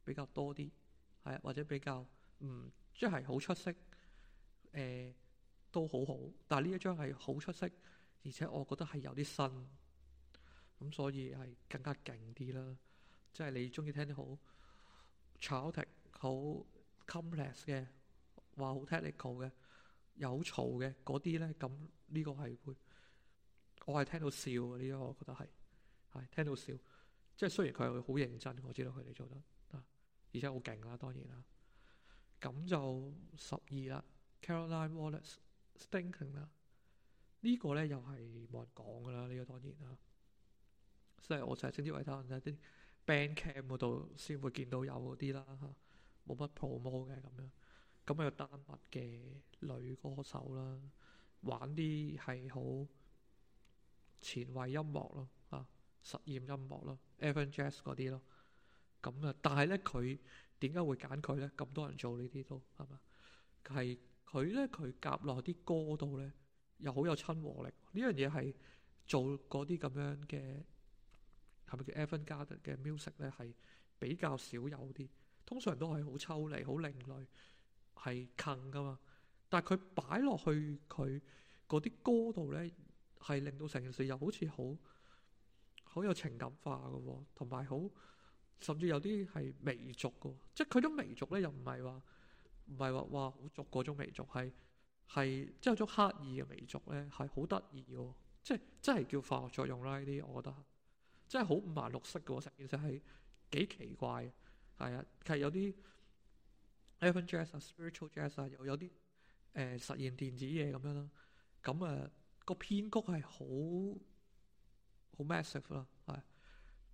比較多啲，係或者比較唔即係好出色。誒、呃、都好好，但係呢一張係好出色，而且我覺得係有啲新。咁所以係更加勁啲啦，即係你中意聽啲好炒停好。Complex 嘅，話好 technical 嘅，有嘈嘅，嗰啲咧，咁呢，呢個係會，我係聽到笑啊！呢個我覺得係，係聽到笑，即係雖然佢係好認真，我知道佢哋做得啊，而且好勁啦，當然啦。咁就十二啦，Caroline Wallace Stinking 啦，呢個咧又係冇人講噶啦，呢個當然啊，即係我就係整啲維他人一啲 band camp 嗰度先會見到有嗰啲啦嚇。冇乜 promo 嘅咁樣，咁啊丹麥嘅女歌手啦，玩啲係好前衛音樂咯，啊實驗音樂咯 Evan Jazz 嗰啲咯，咁啊，但係咧，佢點解會揀佢咧？咁多人做呢啲都係嘛？係佢咧，佢夾落啲歌度咧，又好有親和力。樣樣是是呢樣嘢係做嗰啲咁樣嘅，係咪叫 avant-garde 嘅 music 咧？係比較少有啲。通常都係好抽離、好另類、係近噶嘛。但係佢擺落去佢嗰啲歌度咧，係令到成件事又好似好好有情感化噶、哦，同埋好甚至有啲係微俗噶。即係佢啲微俗咧，又唔係話唔係話哇好俗嗰種微俗，係係即係有種刻意嘅微俗咧，係好得意噶。即係真係叫化學作用啦呢啲，我覺得即係好五顏六色噶，成件事係幾奇怪。係啊，係有啲 avant jazz 啊、spiritual jazz 啊，又有啲誒、呃、實驗電子嘢咁樣咯。咁啊，啊個編曲係好好 massive 咯，係、啊啊，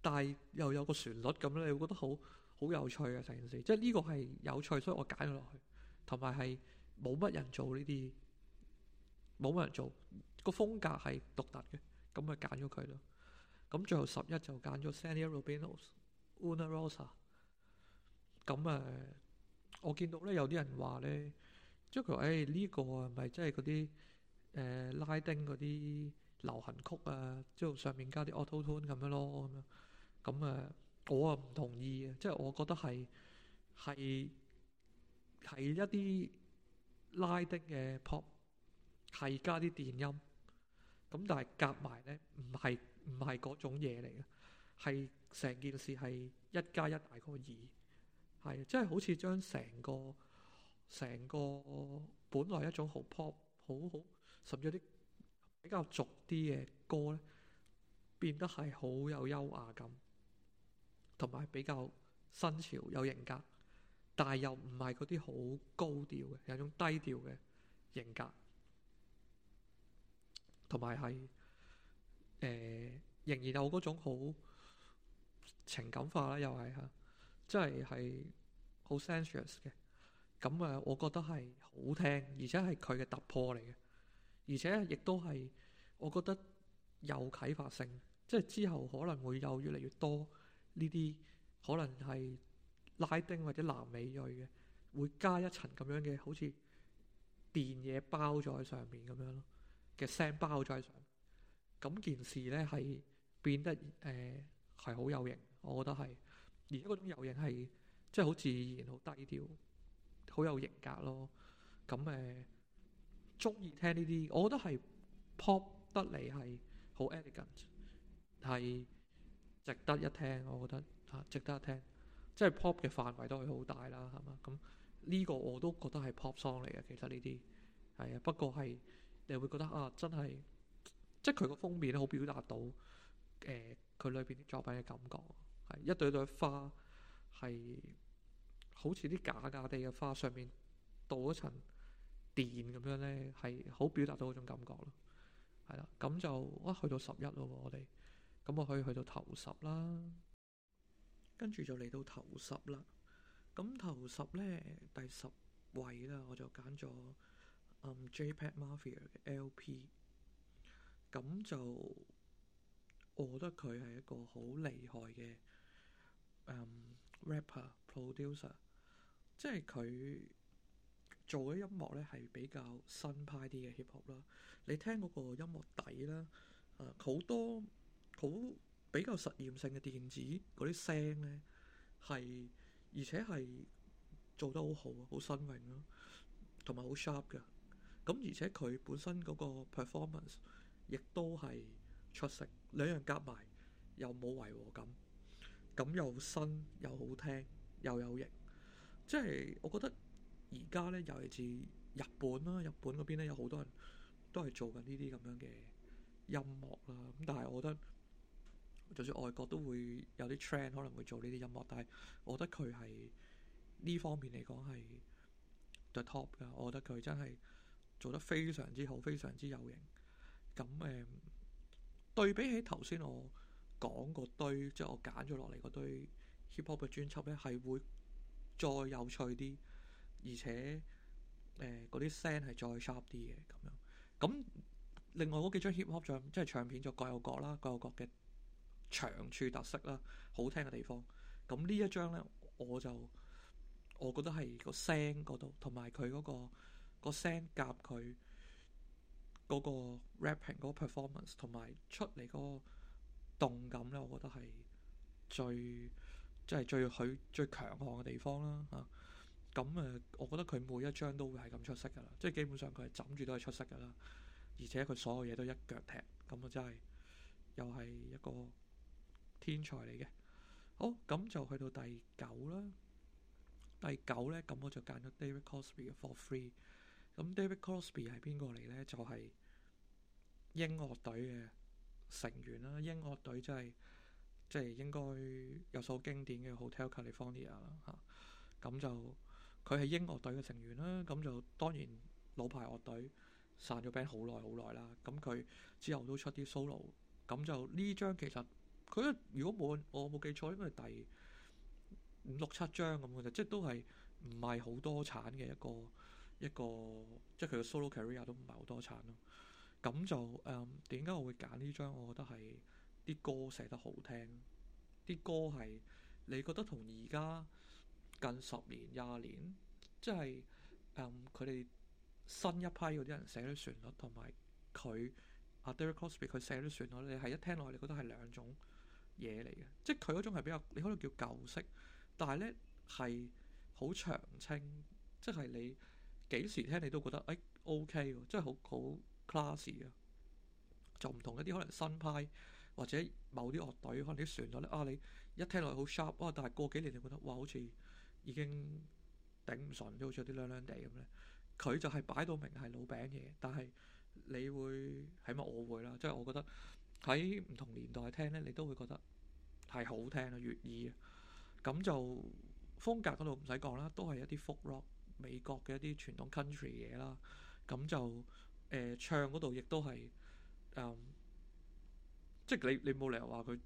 但係又有個旋律咁、啊、你會覺得好好有趣啊。成件事。即係呢個係有趣，所以我揀咗落去。同埋係冇乜人做呢啲，冇乜人做個風格係獨特嘅，咁咪揀咗佢咯。咁最後十一就揀咗 Xenia Rubinos Una Rosa。咁啊，我見到咧有啲人話咧即係佢話咧，誒呢個係咪即係嗰啲誒拉丁嗰啲流行曲啊？之後上面加啲 auto tune 咁樣咯，咁樣咁啊，我啊唔同意啊，即係我覺得係係係一啲拉丁嘅 pop 係加啲電音，咁但係夾埋咧唔係唔係各種嘢嚟嘅，係成件事係一加一大過二。係，即係好似將成個成個本來一種好 pop 好好，甚至啲比較俗啲嘅歌咧，變得係好有優雅感，同埋比較新潮有型格，但係又唔係嗰啲好高調嘅，有一種低調嘅型格，同埋係誒仍然有嗰種好情感化啦，又係嚇。即係係好 sensuous 嘅，咁啊、嗯，我覺得係好聽，而且係佢嘅突破嚟嘅，而且亦都係我覺得有啟發性，即係之後可能會有越嚟越多呢啲可能係拉丁或者南美裔嘅，會加一層咁樣嘅，好似電嘢包在上面咁樣咯嘅聲包在上面。咁件事呢係變得誒係好有型，我覺得係。而嗰種柔型係即係好自然、好低調、好有型格咯。咁、嗯、誒，中意聽呢啲，我覺得係 pop 得嚟係好 elegant，係值得一聽。我覺得啊，值得一聽。即係 pop 嘅範圍都係好大啦，係嘛？咁、嗯、呢、這個我都覺得係 pop song 嚟嘅。其實呢啲係啊，不過係你會覺得啊，真係即係佢個封面咧，好表達到誒佢裏邊啲作品嘅感覺。一堆堆花，係好似啲假假地嘅花，上面鍍咗層電咁樣咧，係好表達到嗰種感覺咯。係啦，咁就哇、啊，去到十一咯，我哋咁我可以去到頭十啦。跟住就嚟到頭十啦。咁頭十咧，第十位啦，我就揀咗、嗯、JPEGMAFIA 嘅 LP。咁就我覺得佢係一個好厲害嘅。嗯，rapper producer，即係佢做嘅音樂咧係比較新派啲嘅 hip hop 啦。你聽嗰個音樂底啦，呃，好多好比較實驗性嘅電子嗰啲聲咧，係而且係做得好好啊，好新穎咯，同埋好 sharp 噶。咁而且佢本身嗰個 performance 亦都係出色，兩樣夾埋又冇違和感。咁又新又好聽又有型，即係我覺得而家呢，尤其是日本啦、啊，日本嗰邊呢有好多人都係做緊呢啲咁樣嘅音樂啦、啊。咁但係我覺得，就算外國都會有啲 trend 可能會做呢啲音樂，但係我覺得佢係呢方面嚟講係 the top 噶。我覺得佢真係做得非常之好，非常之有型。咁誒、嗯、對比起頭先我，講個堆，即係我揀咗落嚟嗰堆 hip hop 嘅專輯咧，係會再有趣啲，而且誒嗰啲聲係再 sharp 啲嘅咁樣。咁另外嗰幾張 hip hop 唱即係唱片就各有各啦，各有各嘅長處特色啦，好聽嘅地方。咁呢一張咧，我就我覺得係個聲嗰度，同埋佢嗰個、嗰個聲夾佢嗰個 rapping 嗰個 performance，同埋出嚟嗰、嗰個。動感咧，我覺得係最即係最佢最強項嘅地方啦嚇。咁、啊、誒、啊，我覺得佢每一張都會係咁出色噶啦，即係基本上佢係枕住都係出色噶啦。而且佢所有嘢都一腳踢，咁啊真係又係一個天才嚟嘅。好，咁就去到第九啦。第九咧，咁我就揀咗 David Crosby 嘅《For Free》。咁 David Crosby 係邊個嚟咧？就係、是、英樂隊嘅。成員啦，英樂隊真、就、係、是、即係應該有首好經典嘅、啊《Hotel California》啦嚇。咁就佢係英樂隊嘅成員啦，咁就當然老牌樂隊散咗 band 好耐好耐啦。咁、啊、佢之後都出啲 solo，咁就呢張其實佢如果冇我冇記錯，應該係第五六七張咁嘅啫，即係都係唔係好多產嘅一個一個，即係佢嘅 solo career 都唔係好多產咯。咁就誒點解我會揀呢張？我覺得係啲歌寫得好聽，啲歌係你覺得同而家近十年廿年，即係誒佢哋新一批嗰啲人寫啲旋律，同埋佢阿 David Crosby 佢寫啲旋律，你係一聽落去，你覺得係兩種嘢嚟嘅。即係佢嗰種係比較你可能叫舊式，但係咧係好長青，即係、就是、你幾時聽你都覺得誒 O K 即真係好好。哎 okay class 啊，就唔同一啲可能新派或者某啲樂隊，可能啲旋律咧啊，你一聽落去好 sharp 啊，但係過幾年你覺得哇，好似已經頂唔順，好似有啲娘娘哋咁咧。佢就係擺到明係老餅嘢，但係你會喺乜？係咪我會啦，即係我覺得喺唔同年代聽咧，你都會覺得係好聽啦，悅耳咁就風格嗰度唔使講啦，都係一啲 folk rock, 美國嘅一啲傳統 country 嘢啦，咁就。誒、呃、唱嗰度亦都係，誒、嗯，即係你你冇理由話佢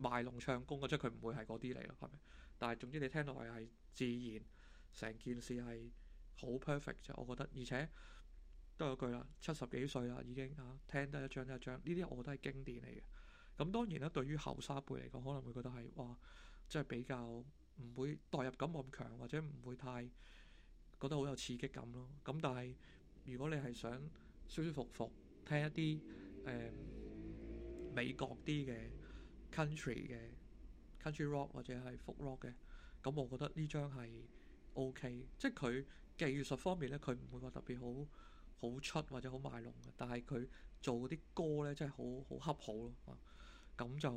賣弄唱功嘅，即係佢唔會係嗰啲嚟咯，係咪？但係總之你聽落係自然，成件事係好 perfect 啫，我覺得。而且都有句啦，七十幾歲啦已經嚇，聽得一張一張，呢啲我覺得係經典嚟嘅。咁當然啦，對於後生輩嚟講，可能會覺得係哇，即係比較唔會代入感咁強，或者唔會太覺得好有刺激感咯。咁但係如果你係想，舒舒服服聽一啲誒、嗯、美國啲嘅 country 嘅 country rock 或者係 folk rock 嘅，咁我覺得呢張係 OK，即係佢技術方面咧，佢唔會話特別好好出或者好賣弄嘅，但係佢做嗰啲歌咧，真係好好恰好咯啊！咁就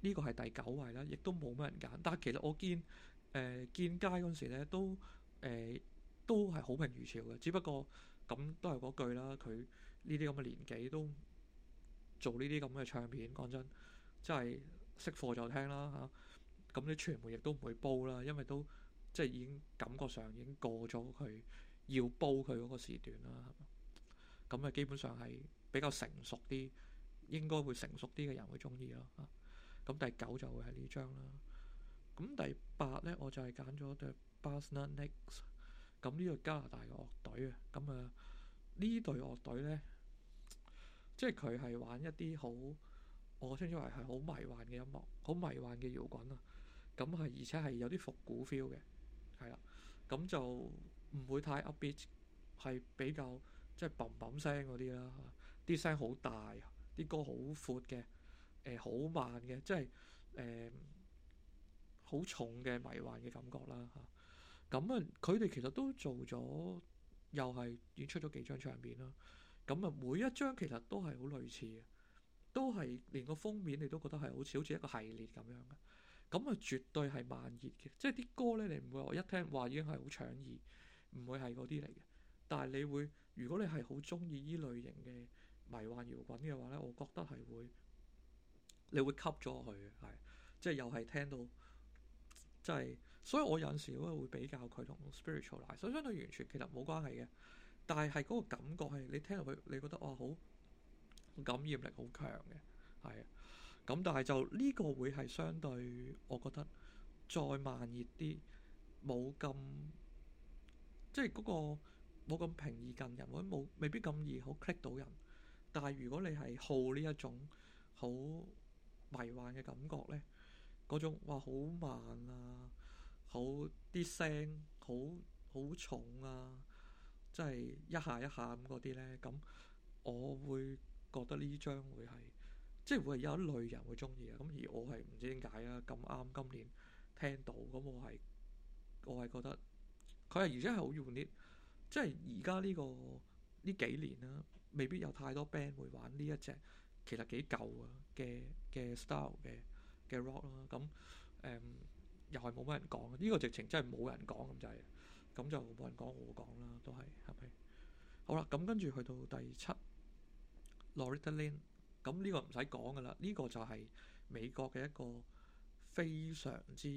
呢個係第九位啦，亦都冇乜人揀。但係其實我見誒、呃、見街嗰陣時咧，都誒、呃、都係好評如潮嘅，只不過。咁、嗯、都係嗰句啦，佢呢啲咁嘅年紀都做呢啲咁嘅唱片，講真，真係識貨就聽啦嚇。咁啲傳媒亦都唔會煲啦，因為都即係已經感覺上已經過咗佢要煲佢嗰個時段啦。咁啊、嗯嗯，基本上係比較成熟啲，應該會成熟啲嘅人會中意咯嚇。咁、啊嗯、第九就會係呢張啦。咁、啊嗯、第八咧，我就係揀咗對 Bassnectar 咁呢個加拿大嘅樂隊啊，咁啊呢隊樂隊咧，即係佢係玩一啲好，我稱之為係好迷幻嘅音樂，好迷幻嘅搖滾啊。咁係而且係有啲復古 feel 嘅，係啦。咁就唔會太 upbeat，係比較即係嘭嘭聲嗰啲啦。啲聲好大，啲歌好闊嘅，誒好慢嘅，即係誒好重嘅迷幻嘅感覺啦嚇。咁啊，佢哋其實都做咗，又係已經出咗幾張唱片啦。咁啊，每一張其實都係好類似嘅，都係連個封面你都覺得係好似好似一個系列咁樣嘅。咁啊，絕對係慢熱嘅，即係啲歌咧，你唔會話我一聽話已經係好搶耳，唔會係嗰啲嚟嘅。但係你會，如果你係好中意呢類型嘅迷幻搖滾嘅話咧，我覺得係會，你會吸咗佢嘅，係即係又係聽到，即係。所以我有陣時會會比較佢同 spiritual life，所以相對完全其實冇關係嘅。但係係嗰個感覺係你聽落去，你覺得哇好感染力好強嘅，係咁。但係就呢個會係相對我覺得再慢熱啲，冇咁即係嗰個冇咁平易近人，或者冇未必咁易好 click 到人。但係如果你係好呢一種好迷幻嘅感覺咧，嗰種哇好慢啊！好啲聲，好好重啊！即係一下一下咁嗰啲咧，咁我會覺得呢張會係，即係會係有一類人會中意啊。咁而我係唔知點解啊，咁啱今年聽到，咁我係我係覺得佢係而且係好用啲。即係而家呢個呢幾年啦、啊，未必有太多 band 會玩呢一隻其實幾舊嘅嘅 style 嘅嘅 rock 啦、啊。咁誒。嗯。又係冇乜人講，呢個直情真係冇人講咁滯，咁就冇人講我講啦，都係係咪？好啦，咁跟住去到第七 Loretta Lynn，咁呢個唔使講噶啦，呢個就係美國嘅一個非常之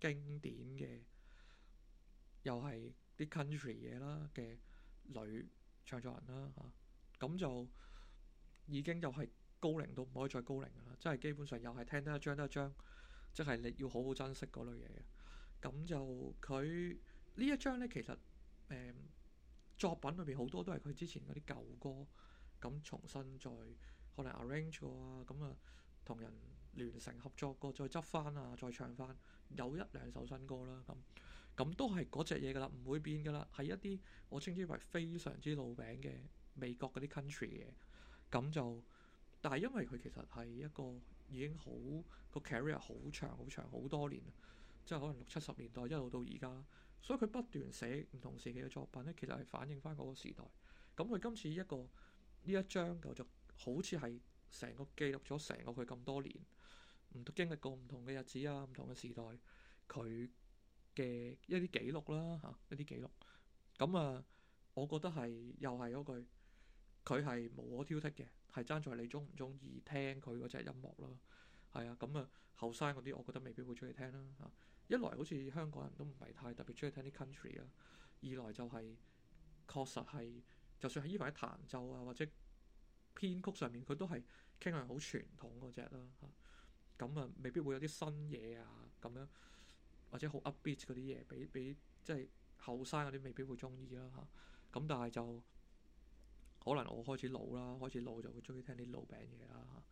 經典嘅，又係啲 country 嘢啦嘅女唱作人啦嚇，咁就已經又係高齡到唔可以再高齡噶啦，即係基本上又係聽得一張得一張。一張即係你要好好珍惜嗰類嘢嘅，咁就佢呢一張咧，其實誒、嗯、作品裏邊好多都係佢之前嗰啲舊歌，咁、嗯、重新再可能 arrange 過啊，咁啊同人聯成合作過，再執翻啊，再唱翻，有一兩首新歌啦，咁、嗯、咁、嗯嗯、都係嗰隻嘢噶啦，唔會變噶啦，係一啲我稱之為非常之老餅嘅美國嗰啲 country 嘅，咁、嗯、就但係因為佢其實係一個。已經好個 career 好長好長好多年，即係可能六七十年代一路到而家，所以佢不斷寫唔同時期嘅作品咧，其實係反映翻嗰個時代。咁佢今次一個呢一張就就好似係成個記錄咗成個佢咁多年，唔經歷過唔同嘅日子啊，唔同嘅時代，佢嘅一啲記錄啦嚇、啊、一啲記錄。咁啊，我覺得係又係嗰句。佢係無可挑剔嘅，係爭在你中唔中意聽佢嗰隻音樂咯。係啊，咁啊後生嗰啲，我覺得未必會中意聽啦。嚇、啊，一來好似香港人都唔係太特別中意聽啲 country 啊，二來就係、是、確實係，就算係依排喺彈奏啊，或者編曲上面，佢都係傾向好傳統嗰隻啦。嚇、啊，咁、嗯、啊未必會有啲新嘢啊咁樣、啊，或者好 upbeat 嗰啲嘢，俾俾即係後生嗰啲未必會中意啦。嚇、啊，咁、嗯、但係就。可能我開始老啦，開始老就會中意聽啲老餅嘢啦。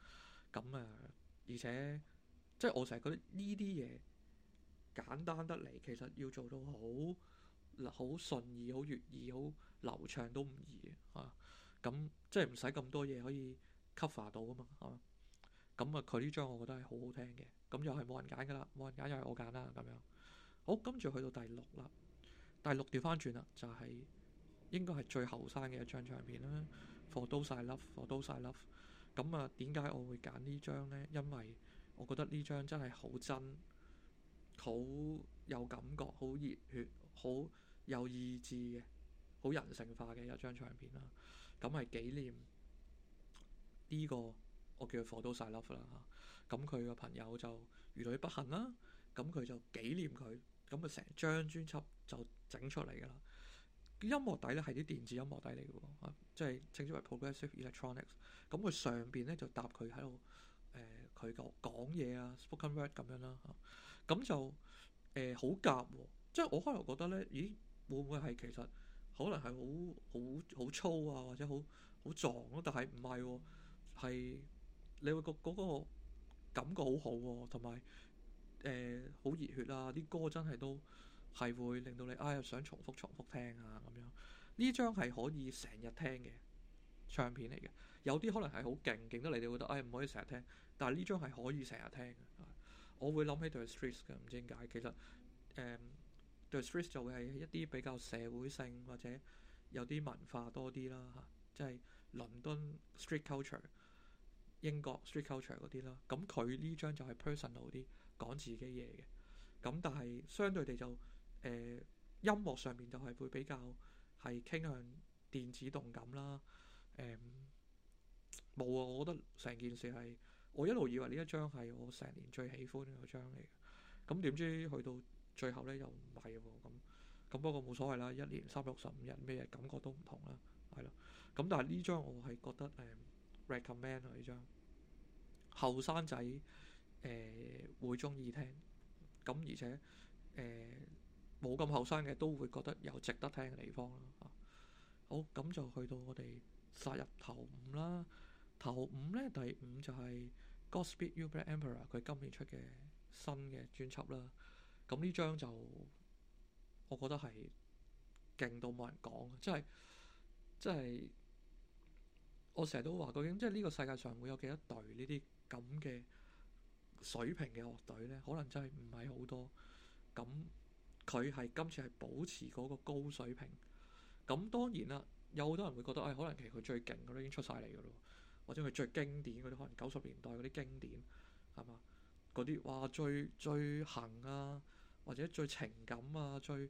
咁誒，而且即係、就是、我成日覺得呢啲嘢簡單得嚟，其實要做到好、好順耳、好悅耳、好流暢都唔易啊。咁即係唔使咁多嘢可以 cover 到啊嘛。咁啊，佢呢張我覺得係好好聽嘅，咁又係冇人揀㗎喇，冇人揀又係我揀啦咁樣。好，跟住去到第六啦，第六掉返轉啦，就係、是。應該係最後生嘅一張唱片啦，《For Those I Love》，《For Those I Love》。咁啊，點解我會揀呢張咧？因為我覺得呢張真係好真，好有感覺，好熱血，好有意志嘅，好人性化嘅一張唱片啦。咁係紀念呢、這個我叫《For Those I Love》啦嚇。咁佢個朋友就如侶不幸啦、啊，咁佢就紀念佢，咁佢成張專輯就整出嚟㗎啦。音樂底咧係啲電子音樂底嚟嘅喎，即係稱之為 Progressive Electronics。咁佢上邊咧就搭佢喺度誒佢講講嘢啊，spoken word 咁樣啦。咁就誒好夾喎，即係我開頭覺得咧，咦會唔會係其實可能係好好好粗啊，或者好好撞咯？但係唔係喎，係你會覺嗰個感覺好好、啊、喎，同埋誒好熱血啊。啲歌真係都～係會令到你哎又想重複重複聽啊，咁樣呢張係可以成日聽嘅唱片嚟嘅。有啲可能係好勁，勁到你哋覺得哎唔可以成日聽，但係呢張係可以成日聽嘅。我會諗起 The Streets 嘅，唔知點解其實誒 The、嗯、Streets 就會係一啲比較社會性或者有啲文化多啲啦嚇，即係倫敦 street culture、英國 street culture 嗰啲啦。咁佢呢張就係 personal 啲，講自己嘢嘅。咁但係相對地就。誒、呃，音樂上面就係會比較係傾向電子動感啦。誒、呃，冇啊，我覺得成件事係我一路以為呢一張係我成年最喜歡嘅張嚟。咁點知去到最後咧又唔係喎。咁咁不過冇所謂啦，一年三百六十五日咩嘢感覺都唔同啦，係咯。咁但係呢張我係覺得誒、呃、recommend 啊呢張，後生仔誒會中意聽。咁而且誒。呃冇咁後生嘅都會覺得有值得聽嘅地方咯。好，咁就去到我哋殺入頭五啦。頭五咧，第五就係 Godspeed You Black Emperor 佢今年出嘅新嘅專輯啦。咁呢張就我覺得係勁到冇人講，即係即係我成日都話究竟即係呢個世界上會有幾多隊，這這隊呢啲咁嘅水平嘅樂隊咧？可能真係唔係好多咁。佢係今次係保持嗰個高水平咁，當然啦，有好多人會覺得誒、哎，可能其實佢最勁嗰啲已經出晒嚟㗎咯，或者佢最經典嗰啲，可能九十年代嗰啲經典係嘛嗰啲話最最行啊，或者最情感啊，最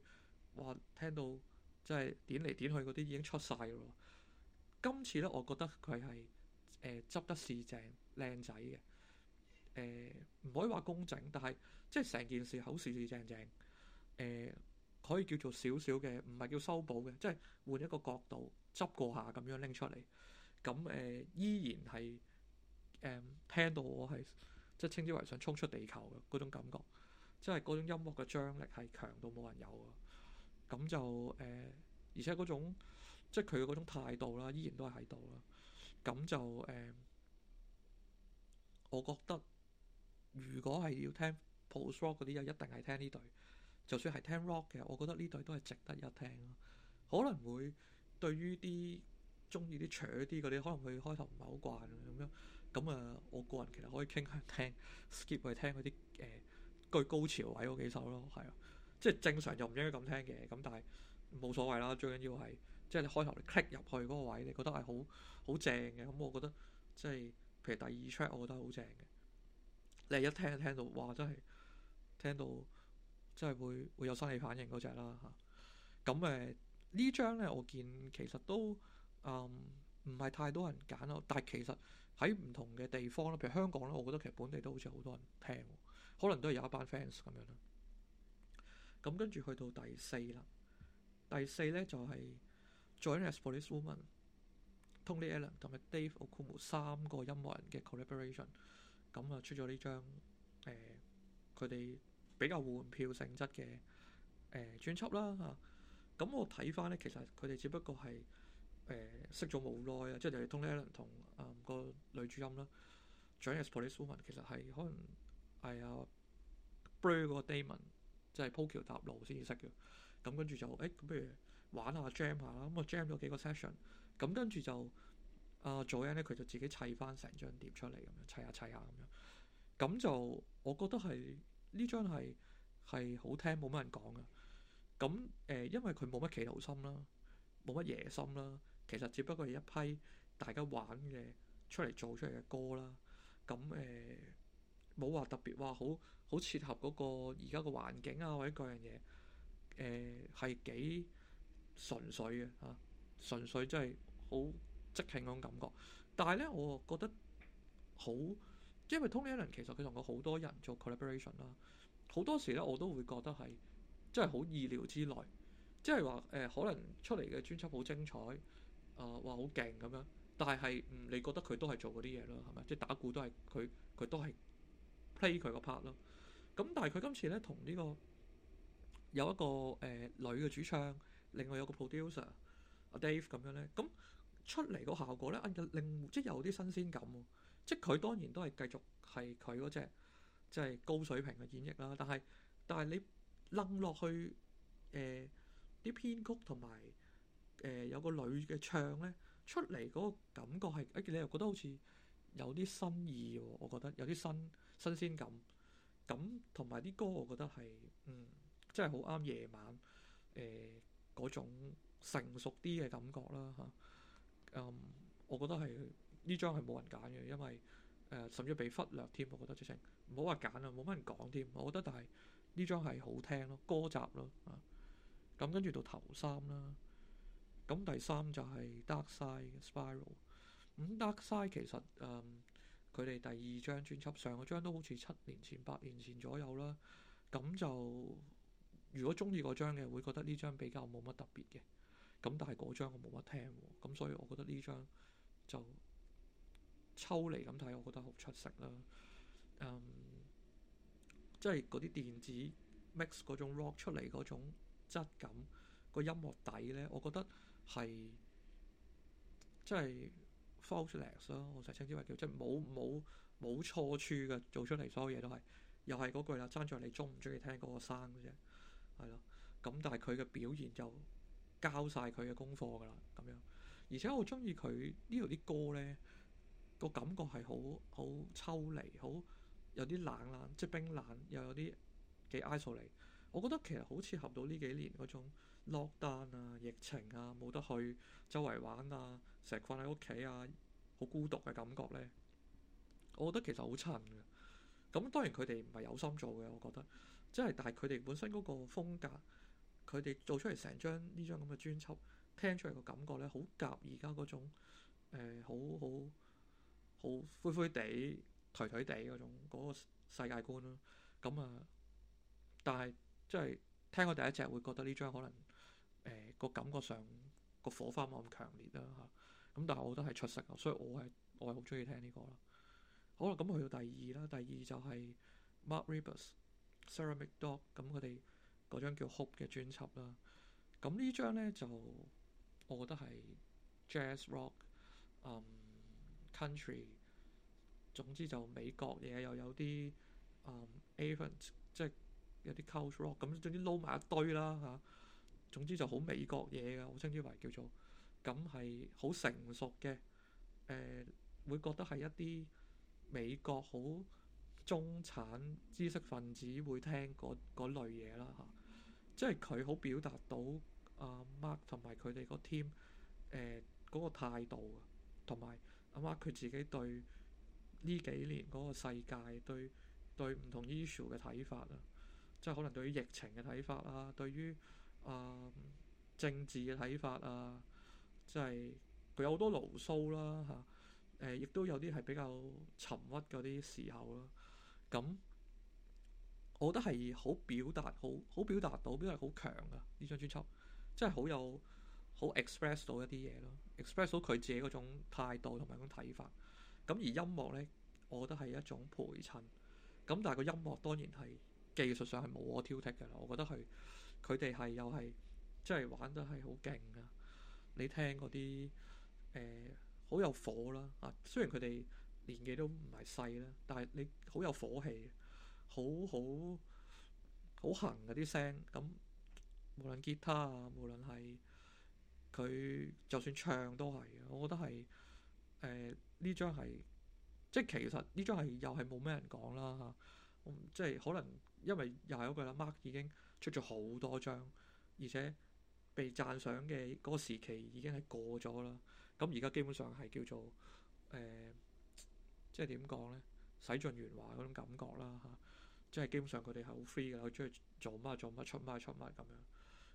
話聽到即係點嚟點去嗰啲已經出晒㗎咯。今次咧，我覺得佢係誒執得四正靚仔嘅誒，唔、呃、可以話工整，但係即係成件事好四四正正。誒、呃、可以叫做少少嘅，唔係叫修補嘅，即係換一個角度執過下咁樣拎出嚟。咁誒、呃、依然係誒、呃、聽到我係即係稱之為想衝出地球嘅嗰種感覺，即係嗰種音樂嘅張力係強到冇人有啊。咁就誒、呃，而且嗰種即係佢嘅嗰種態度啦，依然都係喺度啦。咁就誒、呃，我覺得如果係要聽 post rock 嗰啲嘢，一定係聽呢對。就算係聽 rock 嘅，我覺得呢對都係值得一聽咯。可能會對於啲中意啲 short 啲嗰啲，可能佢開頭唔係好慣咁樣。咁啊、呃，我個人其實可以傾向聽 skip 去聽嗰啲誒句高潮位嗰幾首咯，係啊，即係正常就唔應該咁聽嘅。咁但係冇所謂啦，最緊要係即係你開頭你 click 入去嗰個位，你覺得係好好正嘅。咁我覺得即係譬如第二 track，我覺得係好正嘅。你一聽聽到哇，真係聽到～即係會會有生理反應嗰隻啦嚇，咁、啊、誒、啊、呢張咧我見其實都唔係、嗯、太多人揀咯，但係其實喺唔同嘅地方咧，譬如香港咧，我覺得其實本地都好似好多人聽，可能都係有一班 fans 咁樣啦。咁跟住去到第四啦，第四咧就係、是、Joan As Police Woman、Tony Allen 同埋 Dave Okumu、ok、三個音樂人嘅 collaboration，咁啊出咗呢張誒佢哋。啊比較換票性質嘅誒專輯啦嚇，咁我睇翻咧，其實佢哋只不過係誒識咗冇耐啊，即係 Tony Allen 同啊個女主音啦，Joan As Police Woman 其實係可能係阿 Blur 個 Damon 即係鋪橋搭路先至識嘅，咁跟住就誒咁，不如玩下 Jam 下啦，咁啊 Jam 咗幾個 session，咁跟住就啊 Joan 咧佢就自己砌翻成張碟出嚟咁樣，砌下砌下咁樣，咁就我覺得係。呢張係係好聽，冇乜人講嘅。咁誒、呃，因為佢冇乜企圖心啦，冇乜野心啦。其實只不過係一批大家玩嘅出嚟做出嚟嘅歌啦。咁誒，冇、呃、話特別話好好切合嗰個而家個環境啊，或者各樣嘢誒係幾純粹嘅嚇，純、啊、粹真係好即興嗰種感覺。但係咧，我覺得好。因為 Tony Allen 其實佢同我好多人做 collaboration 啦，好多時咧我都會覺得係真係好意料之內，即係話誒可能出嚟嘅專輯好精彩啊，話好勁咁樣，但係、呃、你覺得佢都係做嗰啲嘢咯，係咪？即係打鼓都係佢佢都係 play 佢個 part 咯。咁但係佢今次咧同呢、呢個有一個誒、呃、女嘅主唱，另外有個 producer 阿 Dave 咁樣咧，咁出嚟個效果咧，又靈即係有啲新鮮感喎。即佢當然都係繼續係佢嗰隻即係高水平嘅演繹啦，但係但係你擰落去誒啲、呃、編曲同埋誒有個女嘅唱咧出嚟嗰個感覺係、哎，你又覺得好似有啲新意喎、哦，我覺得有啲新新鮮感，咁同埋啲歌我覺得係嗯真係好啱夜晚誒嗰、呃、種成熟啲嘅感覺啦嚇，嗯我覺得係。呢張係冇人揀嘅，因為誒甚至被忽略添。我覺得直情唔好話揀啦，冇乜人講添。我覺得但係呢張係好聽咯，歌集咯啊。咁跟住到頭三啦，咁第三就係 Darkside Spiral。咁 Darkside 其實誒佢哋第二張專輯，上嗰張都好似七年前八年前左右啦。咁就如果中意嗰張嘅，會覺得呢張比較冇乜特別嘅。咁但係嗰張我冇乜聽喎，咁所以我覺得呢張就。抽嚟咁睇，我覺得好出色啦！嗯，即係嗰啲電子 mix 嗰種 rock 出嚟嗰種質感，個音樂底咧，我覺得係即係 faultless 咯。我成日稱之為叫，即係冇冇冇錯處嘅，做出嚟所有嘢都係。又係嗰句啦，爭在你中唔中意聽嗰個聲嘅啫，係咯。咁但係佢嘅表現就交晒佢嘅功課噶啦，咁樣。而且我中意佢呢度啲歌咧。個感覺係好好抽離，好有啲冷冷，即係冰冷，又有啲幾 isolated 我覺得其實好切合到呢幾年嗰種落單啊、疫情啊、冇得去周圍玩啊、成日瞓喺屋企啊、好孤獨嘅感覺咧。我覺得其實好襯嘅、啊。咁當然佢哋唔係有心做嘅，我覺得即係，但係佢哋本身嗰個風格，佢哋做出嚟成張呢張咁嘅專輯，聽出嚟個感覺咧，好夾而家嗰種誒好好。呃好灰灰地、攰攰地嗰種嗰、那個世界觀咯，咁啊，但係即係聽過第一隻會覺得呢張可能誒、呃、個感覺上個火花冇咁強烈啦嚇，咁、啊、但係我覺得係出色嘅，所以我係我係好鍾意聽呢、這個啦。好啦，咁去到第二啦，第二就係 Marc Ribot's、Ceramic Dog 咁佢哋嗰張叫《Hope》嘅專輯啦。咁呢張咧就我覺得係 Jazz Rock、嗯 country，總之就美國嘢又有啲誒、um, event，即係有啲 culture 咁。總之撈埋一堆啦嚇、啊。總之就好美國嘢嘅，我稱之為叫做咁係好成熟嘅。誒、呃、會覺得係一啲美國好中產知識分子會聽嗰嗰類嘢啦嚇。即係佢好表達到阿、啊、Mark 同埋佢哋個 team 誒嗰個態度同埋。阿媽佢自己對呢幾年嗰個世界，對對唔同 issue 嘅睇法啊，即係可能對於疫情嘅睇法，於、呃、法啊，對於啊政治嘅睇法啊，即係佢有好多牢騷啦嚇，誒亦都有啲係比較沉鬱嗰啲時候啦。咁我覺得係好表達，好好表達到，表達好強㗎！呢張專輯真係好有。好 express 到一啲嘢咯，express 到佢自己嗰種態度同埋嗰種睇法。咁而音樂咧，我覺得係一種陪襯。咁但係個音樂當然係技術上係無可挑剔嘅啦。我覺得佢佢哋係又係即係玩得係好勁啊！你聽嗰啲誒好有火啦啊，雖然佢哋年紀都唔係細啦，但係你好有火氣，好好好行嗰啲聲咁，無論吉他啊，無論係。佢就算唱都係，我覺得係誒呢張係，即係其實呢張係又係冇咩人講啦嚇。即係可能因為又係句個 Mark 已經出咗好多張，而且被讚賞嘅嗰個時期已經係過咗啦。咁而家基本上係叫做誒、呃，即係點講咧，洗盡鉛華嗰種感覺啦嚇、啊。即係基本上佢哋係好 free 嘅，好中意做乜做乜出乜出乜咁樣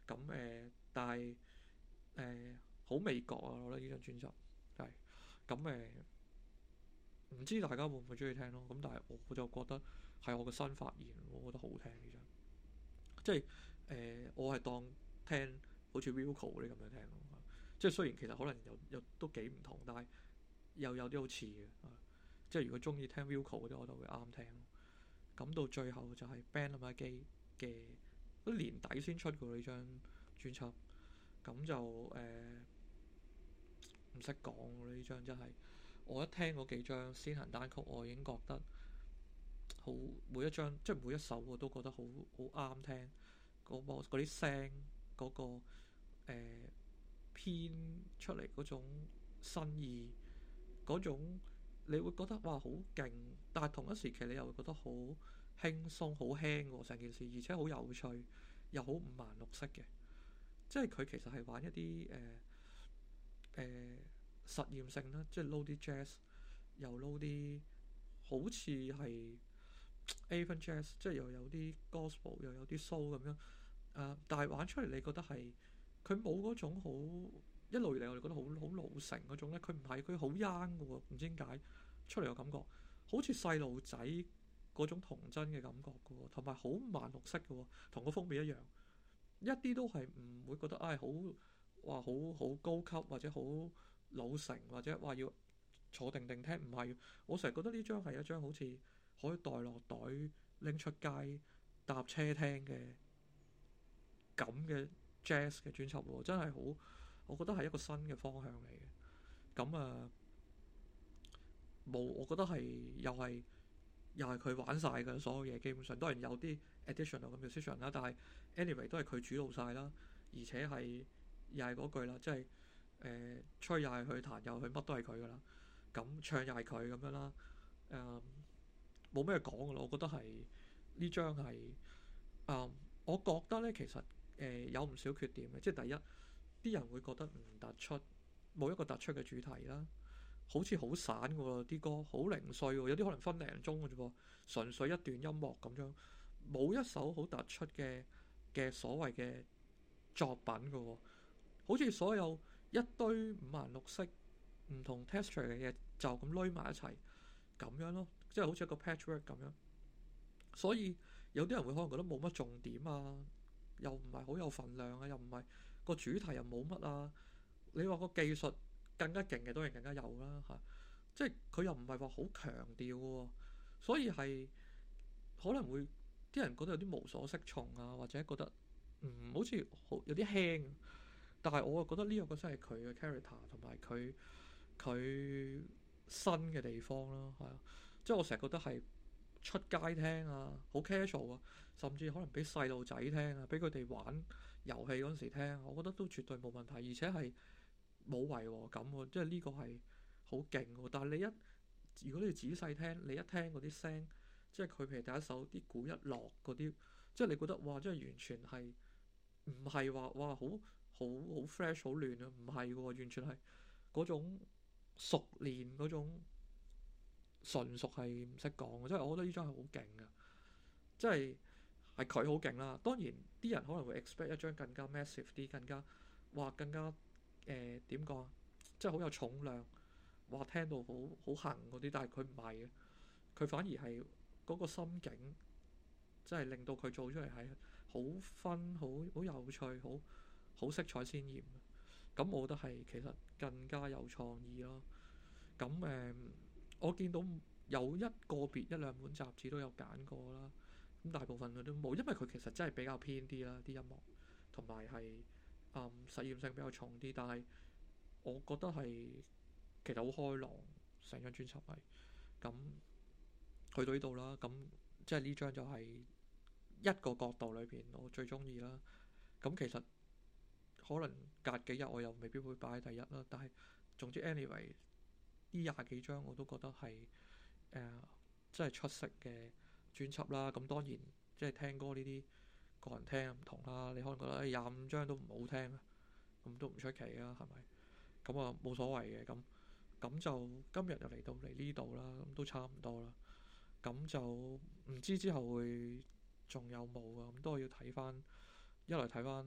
咁誒、啊，但係。誒，好美國啊！我覺得呢張專輯係，咁誒，唔、嗯、知大家會唔會中意聽咯？咁但係我就覺得係我個新發現，我覺得好聽呢張。即係誒，我係當聽好似 Vocal 嗰啲咁樣聽咯。即係雖然其實可能又又都幾唔同，但係又有啲好似嘅。即、啊、係、就是、如果中意聽 Vocal 嗰啲，我就會啱聽。咁到最後就係 Bandama Key 嘅，都年底先出噶呢張專輯。咁就誒唔識講，呢張真係，我一聽嗰幾張先行單曲，我已經覺得好，每一張即係每一首我都覺得好好啱聽，嗰啲聲，嗰個誒、那個呃、編出嚟嗰種新意，嗰種你會覺得，嘩，好勁，但係同一時期你又會覺得好輕鬆好輕個，成件事，而且好有趣，又好五顏六色嘅。即係佢其實係玩一啲誒誒實驗性啦，即係撈啲 jazz，又撈啲好似係 avant-jazz，即係又有啲 gospel，又有啲 soul 咁樣。誒，但係玩出嚟你覺得係佢冇嗰種好一路以嚟，我哋覺得好好老成嗰種咧。佢唔係，佢好 young 嘅喎，唔知點解出嚟嘅感覺，好似細路仔嗰種童真嘅感覺嘅喎，同埋好慢樂式嘅喎，同個封面一樣。一啲都係唔會覺得唉、哎，好話好好高級或者好老成或者話要坐定定聽，唔係。我成日覺得呢張係一張好似可以袋落袋拎出街搭車聽嘅咁嘅 jazz 嘅專輯喎，真係好，我覺得係一個新嘅方向嚟嘅。咁啊，冇，我覺得係又係。又係佢玩晒嘅所有嘢，基本上當然有啲 additional 咁嘅 session 啦，但係 anyway 都係佢主導晒啦，而且係又係嗰句啦，即係誒、呃、吹又係佢彈又係佢，乜都係佢噶啦，咁唱又係佢咁樣啦，誒冇咩講噶咯，我覺得係呢張係，誒、嗯、我覺得咧其實誒、呃、有唔少缺點嘅，即係第一啲人會覺得唔突出，冇一個突出嘅主題啦。好似好散嘅喎，啲歌好零碎喎，有啲可能分零鐘嘅啫噃，純粹一段音樂咁樣，冇一首好突出嘅嘅所謂嘅作品嘅喎，好似所有一堆五顏六色唔同 texture 嘅嘢就咁擂埋一齊咁樣咯，即係好似一個 patchwork 咁樣。所以有啲人會可能覺得冇乜重點啊，又唔係好有份量啊，又唔係個主題又冇乜啊，你話個技術？更加勁嘅當然更加有啦嚇、啊，即係佢又唔係話好強調，所以係可能會啲人覺得有啲無所適從啊，或者覺得唔、嗯、好似好有啲輕。但係我又覺得呢個確實係佢嘅 character 同埋佢佢新嘅地方咯，係啊，即係我成日覺得係出街聽啊，好 casual 啊，甚至可能俾細路仔聽啊，俾佢哋玩遊戲嗰陣時聽，我覺得都絕對冇問題，而且係。冇違和感喎，即係呢個係好勁喎。但係你一如果你要仔細聽，你一聽嗰啲聲，即係佢譬如第一首啲鼓一落嗰啲，即係你覺得哇，即係完全係唔係話哇，好好好 fresh 好亂啊？唔係喎，完全係嗰種熟練嗰種純熟係唔識講嘅。即係我覺得呢張係好勁嘅，即係係佢好勁啦。當然啲人可能會 expect 一張更加 massive 啲，更加哇更加。誒點講，即係好有重量，話聽到好好行嗰啲，但係佢唔係嘅，佢反而係嗰個心境，即係令到佢做出嚟係好 fun、好好有趣、好好色彩鮮豔。咁我覺得係其實更加有創意咯。咁誒、嗯，我見到有一個別一兩本雜誌都有揀過啦，咁大部分佢都冇，因為佢其實真係比較偏啲啦，啲音樂同埋係。誒、嗯、實驗性比較重啲，但係我覺得係其實好開朗成張專輯嚟。咁去到呢度啦，咁即係呢張就係一個角度裏邊我最中意啦。咁其實可能隔幾日我又未必會擺喺第一啦。但係總之 anyway，呢廿幾張我都覺得係誒、呃、真係出色嘅專輯啦。咁當然即係聽歌呢啲。個人聽唔同啦，你可能覺得廿五張都唔好聽，咁都唔出奇啊，係咪？咁啊冇所謂嘅，咁咁就今日又嚟到嚟呢度啦，咁都差唔多啦。咁就唔知之後會仲有冇啊？咁都係要睇翻，一嚟睇翻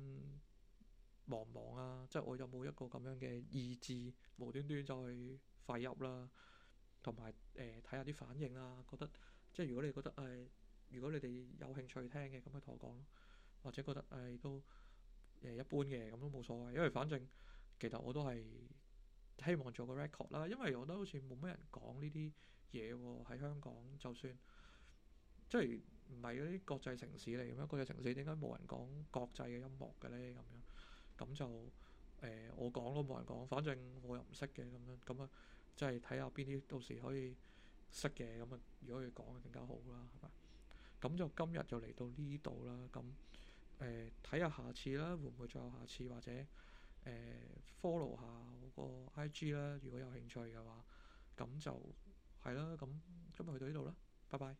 忙唔忙啊，即係我有冇一個咁樣嘅意志，無端端再去廢入啦，同埋誒睇下啲反應啦。覺得即係如果你覺得誒，如果你哋有興趣聽嘅，咁咪同我講或者覺得誒、哎、都誒、呃、一般嘅，咁都冇所謂，因為反正其實我都係希望做個 record 啦，因為我覺得好似冇乜人講呢啲嘢喎，喺香港就算即係唔係嗰啲國際城市嚟嘅咩？國際城市點解冇人講國際嘅音樂嘅咧？咁樣咁就誒、呃、我講都冇人講，反正我又唔識嘅咁樣，咁啊即係睇下邊啲到時可以識嘅咁啊，如果佢講嘅更加好啦，係嘛？咁就今日就嚟到呢度啦，咁。誒，睇下下次啦，會唔會再有下次或者誒、呃、follow 下我個 IG 啦，如果有興趣嘅話，咁就係啦。咁今日去到呢度啦，拜拜。